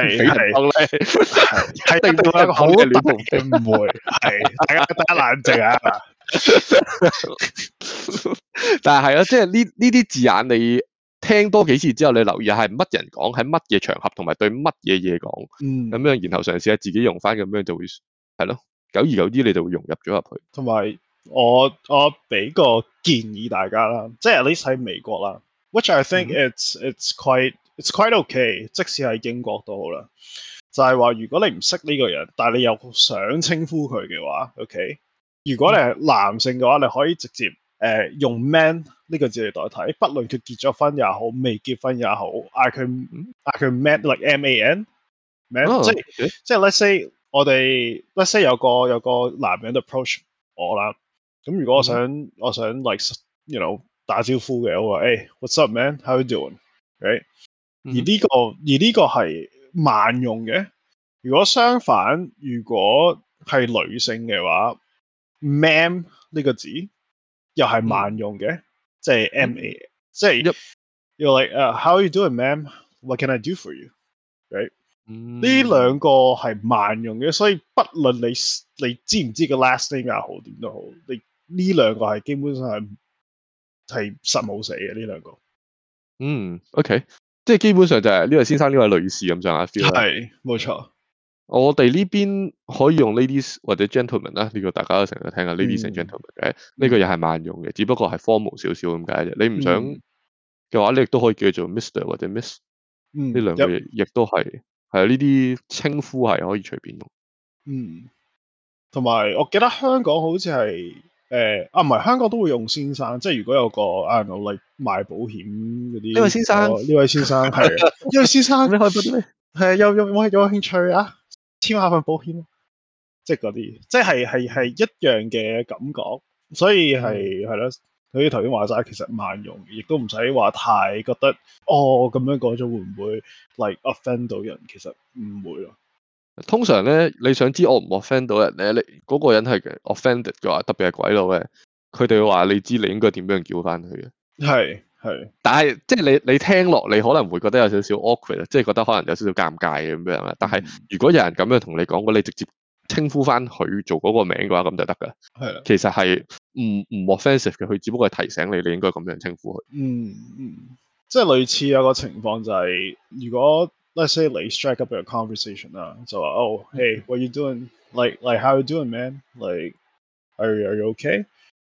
俾人係一定得一， 一,一個好嘅戀童癖。唔會，係大家大家冷靜啊！ 但係係咯，即係呢呢啲字眼，你聽多幾次之後，你留意下係乜人講，喺乜嘢場合，同埋對乜嘢嘢講。嗯，咁樣然後嘗試下自己用翻，咁樣就會係咯。久而久之，你就會融入咗入去。同埋我我俾個建議大家啦，即係 at least 喺美國啦，which I think it's、嗯、it's quite it's quite okay。即使喺英國都好啦，就係話如果你唔識呢個人，但係你又想稱呼佢嘅話，OK。如果你係男性嘅話，你可以直接誒用 man 呢個字嚟代替，不論佢結咗婚也好，未結婚也好，嗌佢嗌佢 man，like m a n man。即係即係，let's say 我哋 let's say 有個有個男人嚟 approach 我啦。咁如果我想我想 like you know 打招呼嘅，我話誒 what's up man，how you doing？right？而呢個而呢個係萬用嘅。如果相反，如果係女性嘅話。Ma'am 呢個字又係萬用嘅、嗯，即係 Ma，即係如果，又 like uh, How you doing, ma'am? What can I do for you? Right？呢、嗯、兩個係萬用嘅，所以不論你你知唔知個 last name 又好點都好，你呢兩個係基本上係係實冇死嘅呢兩個。嗯，OK，即係基本上就係呢位先生、呢、嗯、位女士咁上下 feel 係冇錯。嗯我哋呢邊可以用 ladies 或者 gentlemen 啦，呢個大家都成日聽啊，ladies and gentlemen 嘅呢個又係萬用嘅，只不過係 formal 少少咁解啫。你唔想嘅、嗯、話，你亦都可以叫做 Mr 或者 Miss，呢、嗯、兩個亦都係，係呢啲稱呼係可以隨便用。嗯，同埋我記得香港好似係誒啊唔係，香港都會用先生，即係如果有個啊，努力賣保險嗰啲，呢位先生，呢位先生係呢位先生，你開波咩？係 先 啊，有有冇係有，有，有，有興趣啊？簽下份保險咯，即係嗰啲，即係係係一樣嘅感覺，所以係係咯。好似頭先話齋，其實萬用，亦都唔使話太覺得。哦，咁樣講咗會唔會 like offend 到人？其實唔會咯。通常咧，你想知我唔 offend 到人咧，你嗰、嗰個人係 offended 嘅話，特別係鬼佬嘅，佢哋會話你知你應該點樣叫翻佢嘅。係。係，但係即係你你聽落，你可能會覺得有少少 awkward 啊，即係覺得可能有少少尷尬咁樣啊。但係如果有人咁樣同你講，咁你直接稱呼返佢做嗰個名嘅話，咁就得㗎。係啊，其實係唔唔 offensive 嘅。佢只不過係提醒你，你應該咁樣稱呼佢。嗯嗯，即係類似有個情況就係，如果 let's say 你 strike up a conversation 啦，就話哦，Hey，what are you doing？Like like how you doing，man？Like are are you okay？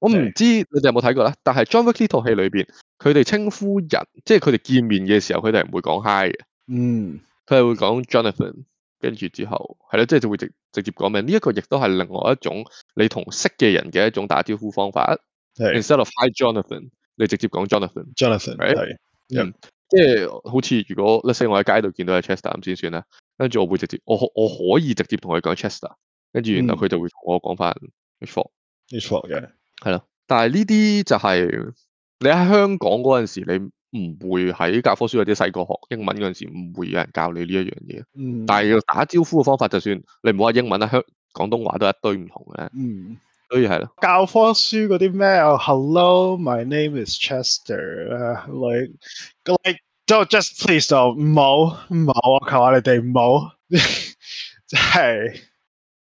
我唔知你哋有冇睇過啦，但係《John Wick》呢套戲裏邊，佢哋稱呼人，即係佢哋見面嘅時候，佢哋唔會講 Hi 嘅。嗯，佢係會講 Jonathan，跟住之後係啦，即係就會直直接講咩？呢一個亦都係另外一種你同識嘅人嘅一種打招呼方法。Instead of Hi Jonathan，你直接講 Jonathan, Jonathan。Jonathan 係，即、嗯、係、就是、好似如果 Chester，假設我喺街度見到係 Chester，咁先算啦？跟住我會直接，我可我可以直接同佢講 Chester，跟住然後佢就會同我講翻 h i o n e h i one 嘅？係咯，但係呢啲就係你喺香港嗰陣時，你唔會喺教科書或者細個學英文嗰陣時，唔會有人教你呢一樣嘢。嗯。但係要打招呼嘅方法，就算你唔好話英文啦，香廣東話都一堆唔同嘅。嗯。所以係咯。教科書嗰啲咩？Hello, my name is Chester. Uh, like, don't, like, no, just please don't mo mo，我求你哋 mo，就係。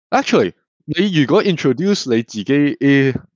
Actually，你如果 introduce 你自己，誒、欸。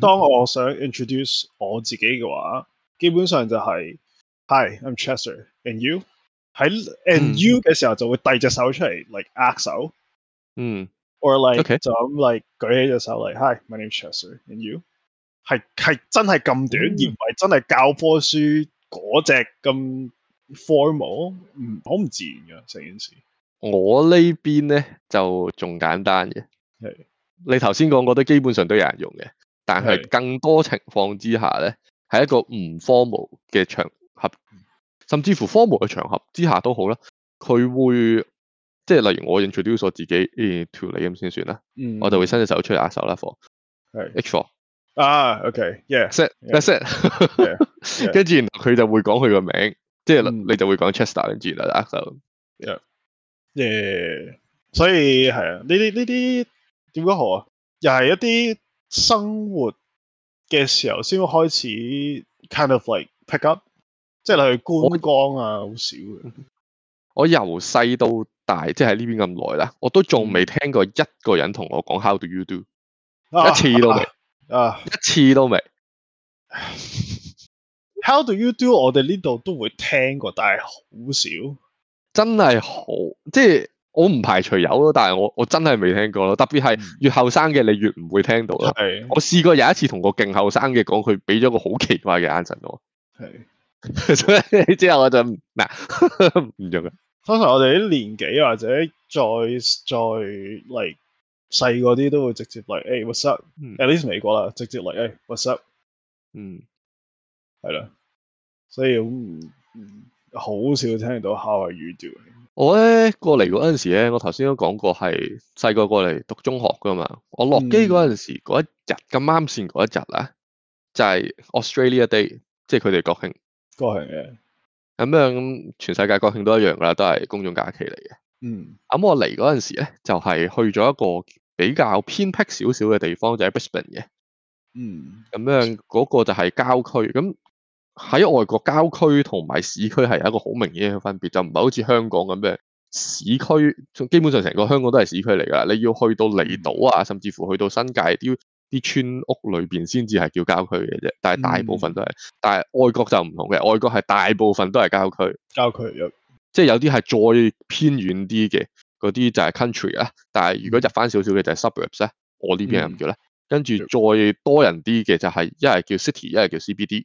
當我想 introduce 我自己嘅話，基本上就係、是、Hi，I'm Chester, and you 喺 and you 嘅、嗯、時候就會遞隻手出嚟嚟、like, 握手，嗯，or like、okay. 就咁 like 舉起隻手嚟、like,，Hi，my name is Chester, and you 係係真係咁短，嗯、而唔係真係教科書嗰隻咁 formal，好唔自然嘅成件事。我呢邊呢邊咧就仲簡單嘅，你頭先講我都基本上都有人用嘅。但係更多情況之下咧，係一個唔 formal 嘅場合、嗯，甚至乎 formal 嘅場合之下都好啦。佢會即係例如我 introduce 我自己、欸、to 你咁先算啦、嗯。我就會伸隻手出嚟握手啦，four 係，X four 啊。OK、okay, yeah、set、yeah. 啊、啊、that's it。跟住、 yeah. yeah. 然後佢就會講佢個名，即係你就會講 Chester、嗯。跟住然後握手。yeah. yeah. 所以係啊，呢啲呢啲點講好啊？又係一啲。生活嘅時候先開始，kind of like pick up，即係你去觀光啊，好少嘅。我由細到大，即係喺呢邊咁耐啦，我都仲未聽過一個人同我講 How do you do，uh, 一次都未，uh, uh, uh, 一次都未。 How do you do？我哋呢度都會聽過，但係好少，真係好，即係。我唔排除有咯，但係我我真係未聽過咯，特別係越後生嘅你越唔會聽到咯。係，我試過有一次同個勁後生嘅講，佢俾咗個好奇怪嘅眼神我。係，所以之後我就嗱唔、啊、 用啦。通常我哋啲年紀或者再再嚟細嗰啲都會直接嚟誒，what’s up？At least 美國啦，直接嚟誒，what’s up？嗯，係啦、like, hey, 嗯，所以好、嗯、少聽到 how are you doing。我咧過嚟嗰陣時咧，我頭先都講過係細個過嚟讀中學噶嘛。我落機嗰陣時嗰、嗯、一日咁啱先嗰一日喇，就係、是、Australia Day，即係佢哋國慶。過去嘅。咁樣全世界國慶都一樣噶啦，都係公眾假期嚟嘅。嗯。咁我嚟嗰陣時咧，就係、是、去咗一個比較偏僻少少嘅地方，就喺、是、Brisbane 嘅。嗯。咁樣嗰、那個就係郊區咁。喺外國郊區同埋市區係有一個好明顯嘅分別，就唔係好似香港咁嘅市區，基本上成個香港都係市區嚟噶啦。你要去到離島啊，甚至乎去到新界啲啲村屋裏邊先至係叫郊區嘅啫。但係大部分都係、嗯，但係外國就唔同嘅，外國係大部分都係郊區。郊區有，即係有啲係再偏遠啲嘅嗰啲就係 country 啊，但係如果入翻少少嘅就係 suburbs 啊。我呢邊係唔叫咧，跟住再多人啲嘅就係、是、一係叫 city，一係叫 CBD。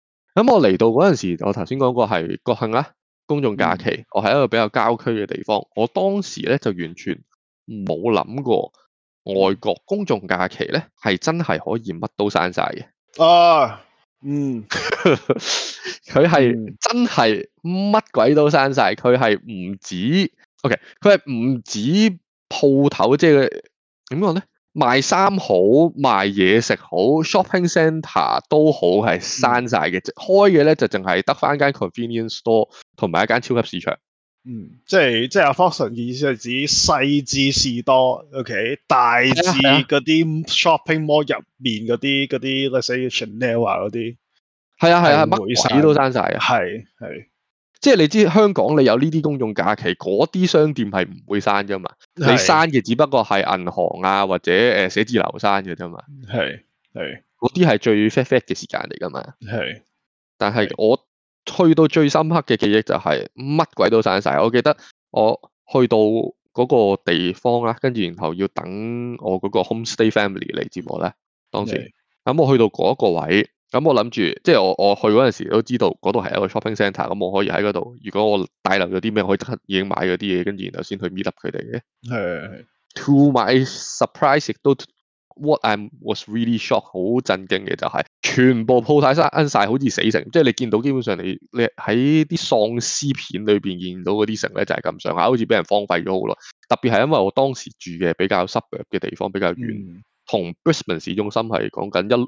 咁我嚟到嗰陣時，我頭先講過係國慶啦，公眾假期。我喺一個比較郊區嘅地方，我當時咧就完全冇諗過外國公眾假期咧係真係可以乜都閂晒嘅。啊，嗯，佢 係真係乜鬼都閂晒，佢係唔止，OK，佢係唔止鋪頭，即係點講咧？賣衫好，賣嘢食好，shopping centre 都好係閂晒嘅。開嘅咧就淨係得翻間 convenience store 同埋一間超級市場。嗯，即係即係阿 Foxon 嘅意思係指細至士多，OK，大至嗰啲 shopping mall 入面嗰啲嗰啲 lifestyle area 嗰啲。係啊係啊，乜鬼都閂晒，係係。嗯即係你知香港，你有呢啲公眾假期，嗰啲商店係唔會閂噶嘛？你閂嘅只不過係銀行啊，或者誒寫字樓閂嘅啫嘛。係，係嗰啲係最 fat fat 嘅時間嚟噶嘛。係，但係我去到最深刻嘅記憶就係乜鬼都閂晒。我記得我去到嗰個地方啦，跟住然後要等我嗰個 home stay family 嚟接我咧，當時咁我去到嗰個位。咁、嗯、我諗住，即係我我去嗰陣時都知道嗰度係一個 shopping centre，咁、嗯、我可以喺嗰度。如果我帶漏咗啲咩，可以即刻已經買咗啲嘢，跟住然後先去 meet up 佢哋嘅。係，to my surprise 都，what I was really shocked，好震驚嘅就係、是、全部鋪晒晒，好似死城，即係你見到基本上你你喺啲喪屍片裏面見到嗰啲城咧，就係咁上下，好似俾人荒廢咗好耐。特別係因為我當時住嘅比較 suburb 嘅地方比較遠，同、嗯、Brisbane 市中心係講緊一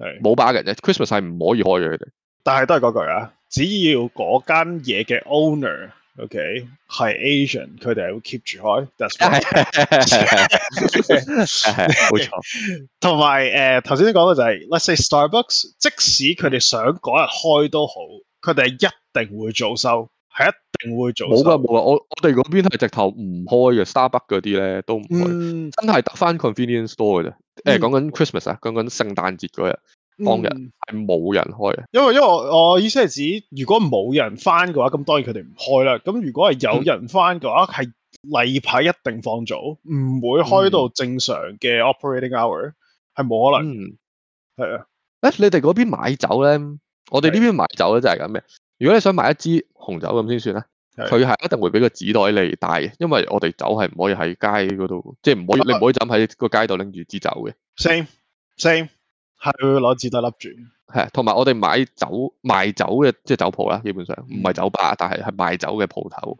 係冇 budget 嘅，Christmas 係唔可以開嘅佢哋。但係都係嗰句啊，只要嗰間嘢嘅 owner，OK 係 Asian，佢哋會 keep 住開。係，冇錯。同埋，誒，頭先都講嘅就係，Let's say Starbucks，即使佢哋想嗰日開都好，佢哋係一定會早收。係一定會做冇噶，冇噶，我我哋嗰邊係直頭唔開嘅，Starbucks 嗰啲咧都唔開。嗯，真係得翻 convenience store 嘅啫。嗯。誒，講緊 Christmas 啊，講緊聖誕節嗰日，嗯、當日係冇人開啊。因為因為我，我意思係指如果冇人翻嘅話，咁當然佢哋唔開啦。咁如果係有人翻嘅話，係例牌一定放早，唔會開到正常嘅 operating hour。係、嗯、冇可能。係、嗯、啊，誒，你哋嗰邊買酒咧，我哋呢邊買酒咧就係咁嘅。如果你想買一支紅酒咁先算啦，佢係一定會俾個紙袋你帶嘅，因為我哋酒係唔可以喺街嗰度，即係唔可以，啊、你唔可以就咁喺個街度拎住支酒嘅、啊。Same，same，係佢攞紙袋笠住。係，同埋我哋買酒賣酒嘅即係酒鋪啦，基本上唔係酒吧，但係係賣酒嘅鋪頭。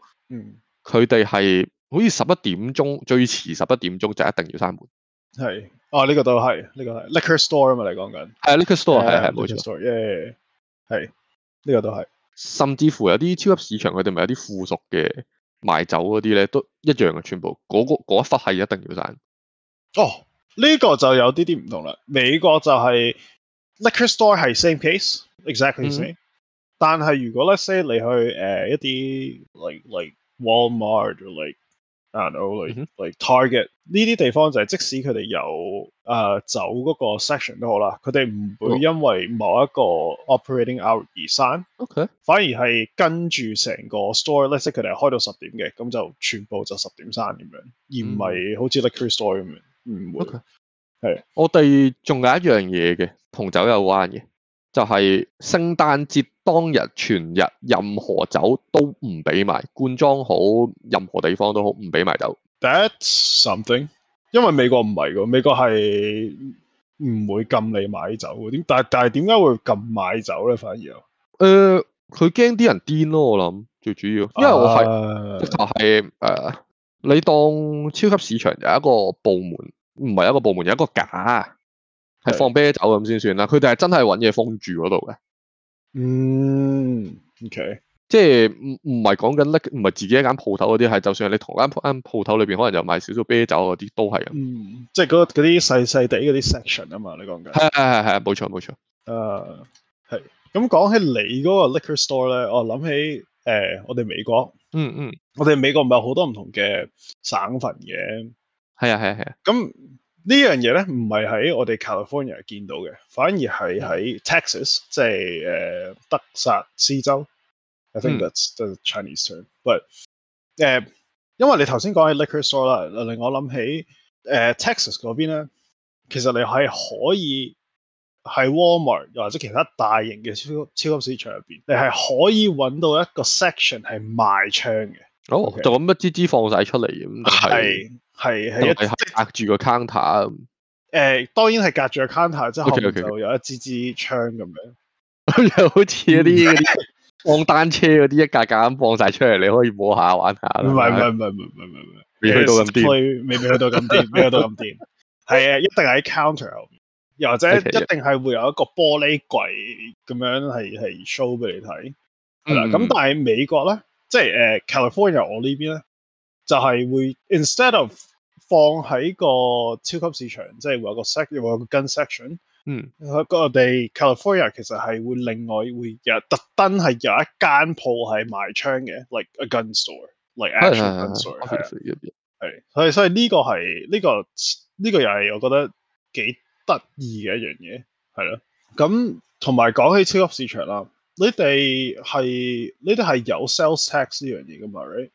佢哋係好似十一點鐘最遲十一點鐘就一定要閂門。係，哦呢、呢個都係呢個係 liquor store 啊嘛，你講緊係 liquor store，係係冇錯，store，係呢個都係。甚至乎有啲超級市場，佢哋咪有啲附屬嘅賣酒嗰啲咧，都一樣嘅，全部嗰、嗰個嗰一忽係一定要賺。哦，呢、呢個就有啲啲唔同啦。美國就係、係、liquor store 係 same case exactly same，但係如果咧 say 你去誒、uh, 一啲 like like Walmart or like 啊，例如，例如 target 呢啲地方就係即使佢哋有誒酒嗰個 section 都好啦，佢哋唔會因為某一個 operating hour 而閂。O K，反而係跟住成個 store 咧，即係佢哋開到十點嘅，咁就全部就十點閂咁樣，而唔係好似 Liquor Store 咁樣。唔會，係我哋仲有一樣嘢嘅，同酒有關嘅，就係聖誕節。當日、全日任何酒都唔俾賣，罐裝好，任何地方都好，唔俾賣酒。That's something。因為美國唔係噶，美國係唔會禁你買酒。點但係但係點解會禁買酒咧？反、呃、而，誒，佢驚啲人癲咯，我諗最主要，因為我係即係誒，uh... 是 uh, 你當超級市場有一個部門唔係一個部門，有一個架，係放啤酒咁先算啦。佢哋係真係搵嘢封住嗰度嘅。嗯，OK，即係唔唔係講緊呢，唔係自己一間鋪頭嗰啲，係就算係你同間鋪鋪頭裏邊，可能就賣少少啤酒嗰啲，都係啊。嗯，即係嗰啲細細地嗰啲 section 啊嘛，你講緊。係係係係，冇錯冇錯。誒、啊，係，咁講、啊、起你嗰個 liquor store 咧，我諗起誒、呃，我哋美國，嗯嗯，我哋美國唔係有好多唔同嘅省份嘅，係啊係啊係啊，咁、啊。是啊呢樣嘢咧，唔係喺我哋 California 見到嘅，反而係喺 Texas，即係，呃，德薩斯州。Mm. I think that's the Chinese term. But，呃，因為你頭先講起 liquor store 啦，令我諗起 Texas 嗰邊咧，其實你係可以喺 Walmart 又或者其他大型嘅超超級市場入邊，你係可以揾到一個 section 係賣槍嘅。哦，oh, okay，就咁一支支放曬出嚟咁。係。係係一格住個 counter，誒當然係隔住個 counter，之係、okay, okay. 就有一支支槍咁樣 又好似一啲嗰啲放單車嗰啲一格格咁放晒出嚟，你可以摸下玩下。唔係唔係唔係唔係唔係唔係，未去到咁啲， 未未去到咁啲，未去到咁啲。係啊，一定喺 counter 後面，又或者一定係會有一個玻璃櫃咁樣係係 show 俾你睇。咁、okay, 嗯，但係美國咧，即係誒 California 我邊呢邊咧，就係、是、會 instead of 放喺個超級市場，即係會有個 sect，會有個 gun section。嗯，我哋 California 其實係會另外會有特登係有一間鋪係賣槍嘅，like a gun store，like action gun store。係 係，所以呢個係呢、呢個呢、呢個又係我覺得幾得意嘅一樣嘢，係咯。咁同埋講起超級市場啦，你哋係你哋係有 sales tax 呢樣嘢噶嘛？Right？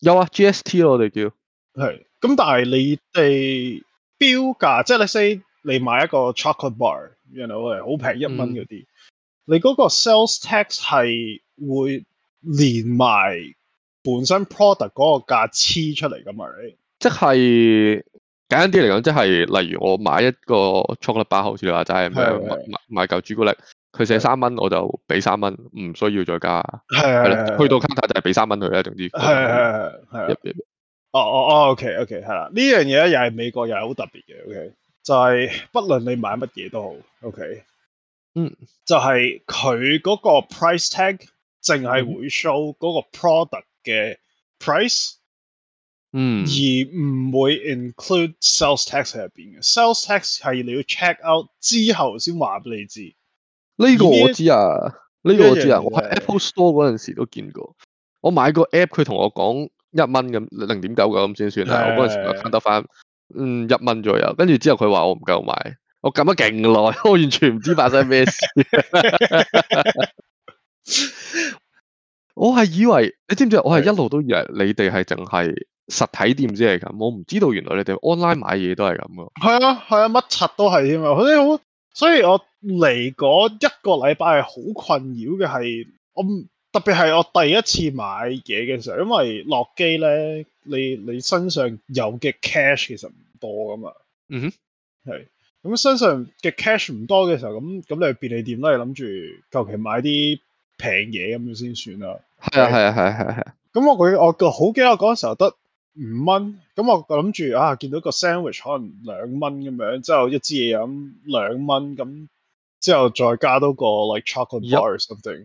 有啊，GST 咯、啊，我哋叫係。咁但係你哋標價，即係你 say 你買一個 chocolate bar，you know，好平一蚊嗰啲，你嗰個 sales tax 係會連埋本身 product 嗰個價黐出嚟噶嘛？即係簡單啲嚟講，即係例如我買一個 chocolate bar，好似話就，係買嚿朱古力，佢寫三蚊，我就俾三蚊，唔需要再加。去到 counter 就係俾三蚊佢啦，總之哦哦哦，OK OK，係啦，呢樣嘢又係美國又係好特別嘅，OK，就係不論你買乜嘢都好，OK，嗯，就係佢嗰個 price tag 淨係會 show 嗰個 product 嘅 price，嗯，而唔會 include sales tax 喺入邊嘅，sales tax 係你要 check out 之後先話俾你知。呢個我知啊，呢個我知啊，我喺 Apple Store 嗰陣時都見過，我買個 app 佢同我講。一蚊咁零點九九咁先算啦，我嗰陣時慳得翻嗯一蚊左右，跟住之後佢話我唔夠買，我撳咗勁耐，我完全唔知道發生咩事， 我係以為你知唔知？我係一路都以為你哋係淨係實體店先係咁，我唔知道原來你哋 online 買嘢都係咁噶。係啊係啊，乜柒都係添啊！所以好，所以我嚟嗰一個禮拜係好困擾嘅係我。特別係我第一次買嘢嘅時候，因為落機咧，你你身上有嘅 cash 其實唔多噶嘛。嗯、mm、哼 -hmm.，係。咁身上嘅 cash 唔多嘅時候，咁咁你去便利店都係諗住求其買啲平嘢咁樣先算啦。係、yeah. 啊，係啊，係係係。咁我佢我好記得，我嗰陣時得五蚊。咁我諗住啊，見到個 sandwich 可能兩蚊咁樣，之後一支嘢飲兩蚊，咁之後再加多個 like chocolate bar、yep. or something。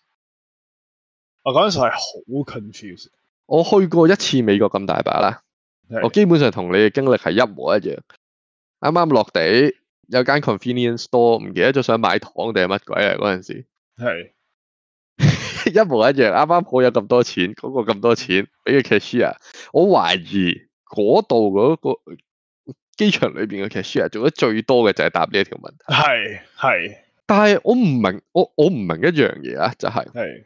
我嗰陣時係好 confuse 我去過一次美國咁大把啦，的我基本上同你嘅經歷係一,一,一， 一模一樣。啱啱落地有間 convenience store，唔記得咗想買糖定係乜鬼啊？嗰陣時係一模一樣。啱啱我有咁多錢，嗰、嗰個咁多錢俾個 cashier，我懷疑嗰度嗰個機場裏邊嘅 cashier 做得最多嘅就係答呢一條問題。係係，但係我唔明，我我唔明一樣嘢啊，就係、係。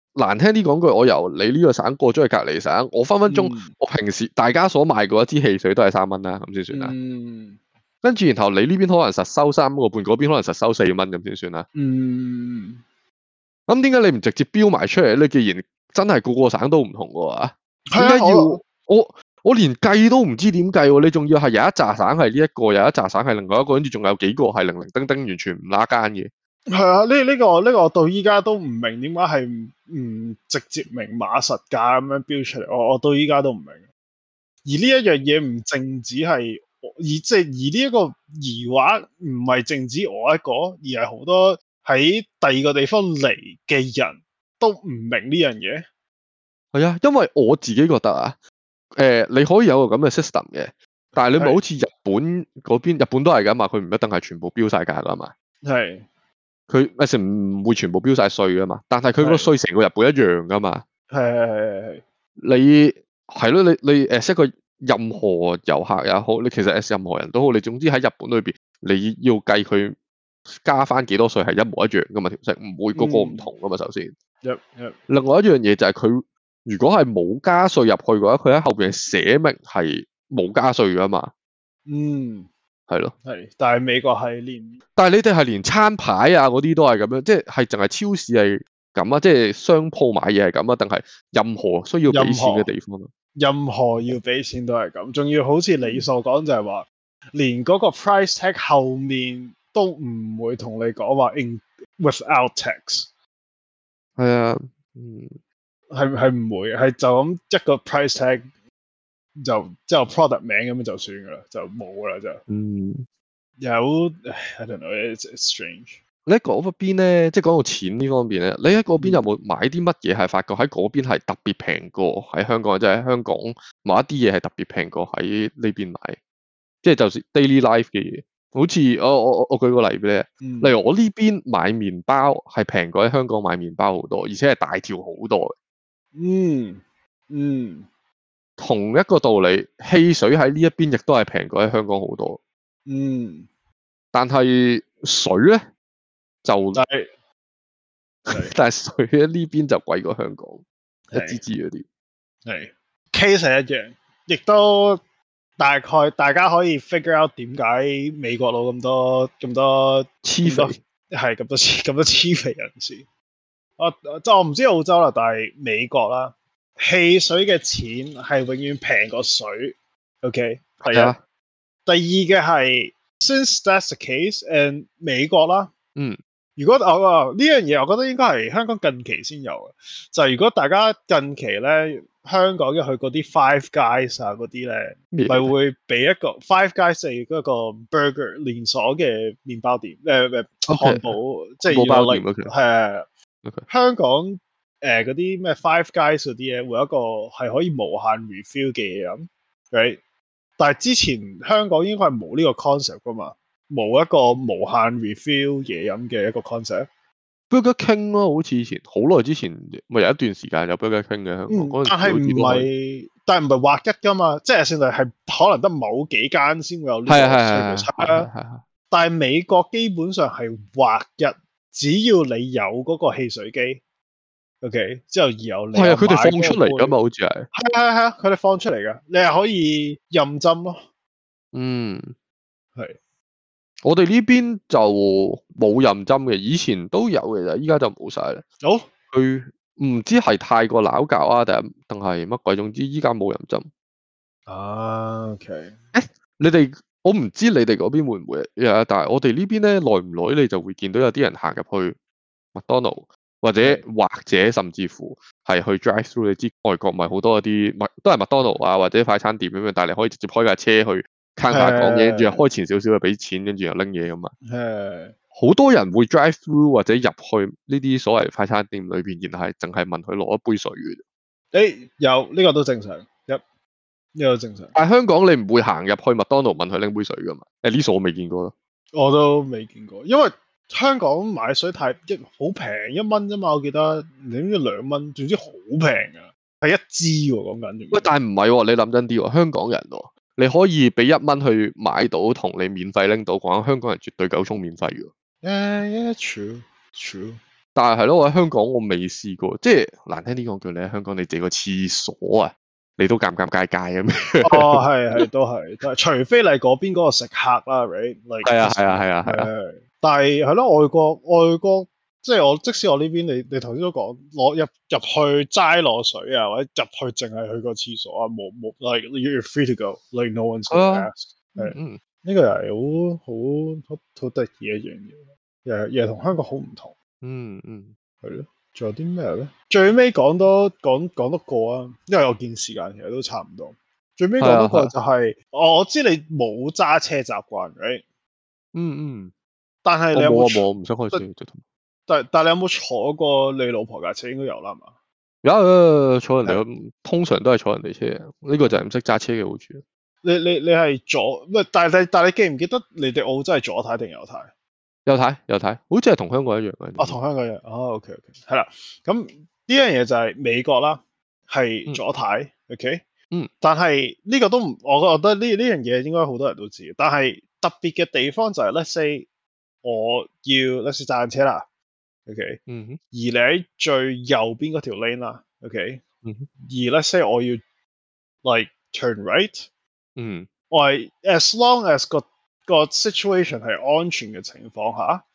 難聽啲講句，我由你呢個省過咗去隔籬省，我分分鐘、嗯，我平時大家所買過一支汽水都係三蚊啦，咁先算啦。嗯。跟住然後你呢邊可能實收三個半，嗰邊可能實收四蚊咁先算啦。嗯。咁點解你唔直接標埋出嚟咧？你既然真係個個省都唔同嘅話，點解要、啊、我我，我連計都唔知點計、啊？你仲要係有一扎省係呢一個，有一紮省係另外一個，跟住仲有幾個係零零丁丁，丁完全唔拉間嘅。係啊，呢、呢、呢個呢、呢個我到依家都唔明點解係唔直接明碼實價咁樣標出嚟，我我到依家都唔明。而呢一樣嘢唔淨止係，而即係而呢一個疑惑唔係淨止我一個，而係好多喺第二個地方嚟嘅人都唔明呢樣嘢。係啊，因為我自己覺得啊，誒、呃，你可以有個咁嘅 system 嘅，但係你咪好似日本嗰邊，日本都係噶嘛，佢唔一定係全部標晒價噶嘛。係。佢 S 唔會全部標晒稅噶嘛，但係佢嗰個稅成個日本一樣噶嘛。係係係係，你係咯，你你識佢任何遊客也好，你其實 S 任何人都好，你總之喺日本裏邊你要計佢加翻幾多稅係一模一樣噶嘛條式，唔會，個個唔同噶嘛首先，嗯嗯嗯。另外一樣嘢就係佢如果係冇加稅入去嘅話，佢喺後邊寫明係冇加稅啊嘛。嗯。係咯，係，但係美國係連，但係你哋係連餐牌啊嗰啲都係咁樣，即係係淨係超市係咁啊，即係商鋪買嘢係咁啊，定係任何需要俾錢嘅地方啊？任何要俾錢都係咁，仲要好似你所講就係話，連嗰個 price tag 後面都唔會同你講話，in without tax。係啊，嗯，係係唔會，係就咁一個 price tag。就即係 product 名咁樣就算噶啦，就冇噶啦就。嗯，有，I don't know，it's strange。你喺嗰邊咧，即係講到錢呢方面咧，你喺嗰邊有冇買啲乜嘢係發覺喺嗰邊係特別平過喺香港，即係喺香港買一啲嘢係特別平過喺呢邊買，即係就算，是，daily life 嘅嘢，好似我我我舉個例俾你，嗯，例如我呢邊買麵包係平過喺香港買麵包好多，而且係大條好多嘅。嗯嗯。同一個道理，汽水喺呢一邊亦都係平過喺香港好多。嗯，但係水咧就但係水喺呢邊就貴過香港一支支嗰啲。係 case 係一樣，亦都大概大家可以 figure out 點解美國佬咁多咁多癡肥，係咁多咁多癡肥人士。啊，就我唔知澳洲啦，但係美國啦。汽水嘅錢係永遠平過水，OK，係啊。第二嘅係，Since that’s the case，誒，美國啦，嗯，如果我呢樣嘢，哦、這我覺得應該係香港近期先有嘅。就如果大家近期咧，香港入去嗰啲 Five Guys 啊，嗰啲咧，咪、yeah. 會俾一個 Five Guys 係嗰個 burger 連鎖嘅麵包店，誒、呃、漢堡、okay. 即係包係、okay. okay. 香港。誒嗰啲咩 Five Guys 嗰啲嘢，會有一個係可以無限 refill 嘅嘢咁。Right? 但係之前香港應該係冇呢個 concept 噶嘛，冇一個無限 refill 嘢飲嘅一個 concept。burger king 咯、啊，好似以前好耐之前，咪有一段時間有 burger king 嘅，但係唔係，但係唔係劃一噶嘛，即係算嚟係可能得某幾間先會有呢個、啊。係係、啊啊啊啊、但係美國基本上係劃一，只要你有嗰個汽水機。O、okay, K，之後而有你係啊，佢哋放出嚟噶嘛，好似係係係啊，佢哋放出嚟噶，你係可以任斟咯。嗯，係。我哋呢邊就冇任斟嘅，以前都有嘅，其實依家就冇晒啦。好佢唔知係太過鬧交啊，定定係乜鬼？總之依家冇任斟。啊，O K。誒、okay 欸，你哋我唔知道你哋嗰邊會唔會，但係我哋呢邊咧，耐唔耐你就會見到有啲人行入去麥當勞。McDonald's, 或者或者甚至乎係去 drive through，你知外國咪好多一啲，咪都係麥當勞啊或者快餐店咁樣，但係你可以直接開架車去撐下講嘢，跟住開前少少就俾錢，跟住又拎嘢咁嘛。係，好多人會 drive through 或者入去呢啲所謂快餐店裏邊，然後係淨係問佢攞一杯水。誒、欸、有呢、呢個都正常，有呢、呢個都正常。但係香港你唔會行入去麥當勞問佢拎杯水㗎嘛？誒呢所我未見過啦，我都未見過，因為。香港買水太便宜，一好平，一蚊啫嘛，我記得你諗住兩蚊，總之好平㗎，係一支喎。講緊喂，但係唔係喎？你諗真啲喎，香港人喎，你可以俾一蚊去買到同你免費拎到嘅香港人絕對九充免費嘅喎。Yeah, yeah, true, true 但。但係係咯，我喺香港我未試過，即係難聽啲講叫你喺香港你借個廁所啊，你都尷唔尷尬街咁哦，係係都係，但係除非你嗰邊嗰個食客啦，right？啊係啊係啊係啊。嗯但係係咯，外國外國即係我即使我呢邊，你你頭先都講攞入入去齋攞水啊，或者入去淨係去個廁所啊，冇冇 like you're free to go like no one's gonna ask 嗯。嗯呢、呢個又好好好好得意一樣嘢，又又同香港好唔同。嗯嗯，係咯，仲有啲咩咧？最尾講多講講得過啊，因為我見時間其實都差唔多。最尾講多個就係、是，我知你冇揸車習慣 right。嗯嗯。但係你冇啊，我唔想開車，但但，但你有冇坐過你老婆架車？應該有啦，係嘛？有，有坐人哋，通常都係坐人哋車。呢、呢個就係唔識揸車嘅好處。你你你係左係？但但，但你記唔記得你哋澳洲係左太定右太？右太？右太？好似係同香港一樣嘅。哦同香港一樣。哦、啊啊、，OK OK，係啦。咁呢樣嘢就係美國啦，係左太。嗯、o、okay? k 嗯。但係呢個都唔，我覺得呢呢樣嘢應該好多人都知道。但係特別嘅地方就係 let's say。我要 let's say 揸緊車啦，OK，嗯，而你喺最右邊嗰條 lane 啦，OK，嗯，而 let's say 我要 like turn right，嗯，我係 as long as 個個 situation 係安全嘅情況下，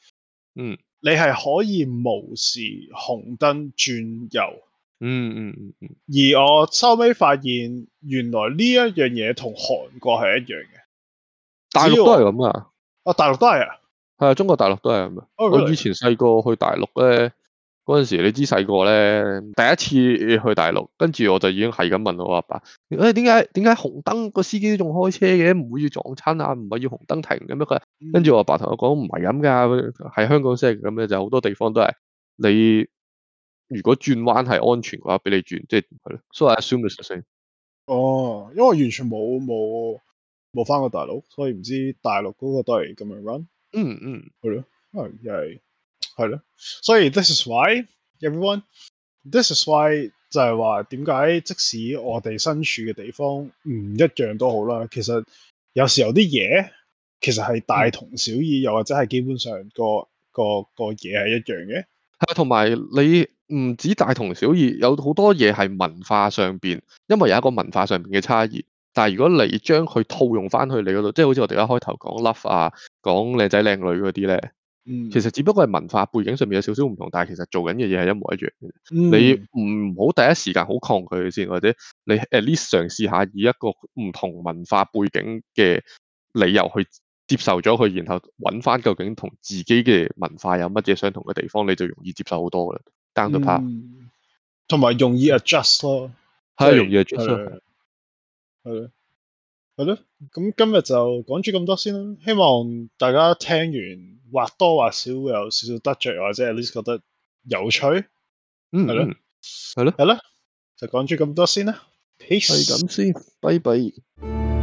嗯，你係可以無視紅燈轉右，嗯嗯嗯，而我收尾發現原來呢一樣嘢同韓國係一樣嘅，大陸都係咁噶，啊，大陸都係啊。係啊，中國大陸都係咁啊。Oh, really? 我以前細個去大陸咧，嗰陣時你知細個咧，第一次去大陸，跟住我就已經係咁問我阿爸，爸：，誒、欸，點解點解紅燈個司機都仲開車嘅？唔會要撞親啊？唔係要紅燈停嘅咩？佢，跟住我阿爸同我講唔係咁噶，喺香港先係咁嘅，就好、是、多地方都係你如果轉彎係安全嘅話，俾你轉，即係係咯。So I assume the same. 哦，oh, 因為我完全冇冇冇翻過大陸，所以唔知大陸嗰個都係咁樣 run 嗯、mm -hmm. 嗯，係咯，啊，又係，係咯，所以 this is why everyone，this is why 就係話點解即使我哋身處嘅地方唔一樣都好啦，其實有時候啲嘢其實係大同小異，又或者係基本上個個個嘢係一樣嘅。係啊，同埋你唔止大同小異，有好多嘢係文化上邊，因為有一個文化上邊嘅差異。但係如果你將佢套用翻去你嗰度，即係好似我哋一開頭講 love 啊，講靚仔靚女嗰啲咧，其實只不過係文化背景上面有少少唔同，但係其實做緊嘅嘢係一模一樣，嗯。你唔好第一時間好抗拒先，或者你 At least 嘗試下以一個唔同文化背景嘅理由去接受咗佢，然後揾翻究竟同自己嘅文化有乜嘢相同嘅地方，你就容易接受好多嘅，嗯。down the path 同埋容易 adjust 咯，係容易 adjust。係咯，係咯，咁今日就講住咁多先啦。希望大家聽完或多或少會有少少得着，或者你覺得有趣。嗯，係咯，係咯，係咯，就講住咁多先啦。p e a 係咁先，拜拜。Bye bye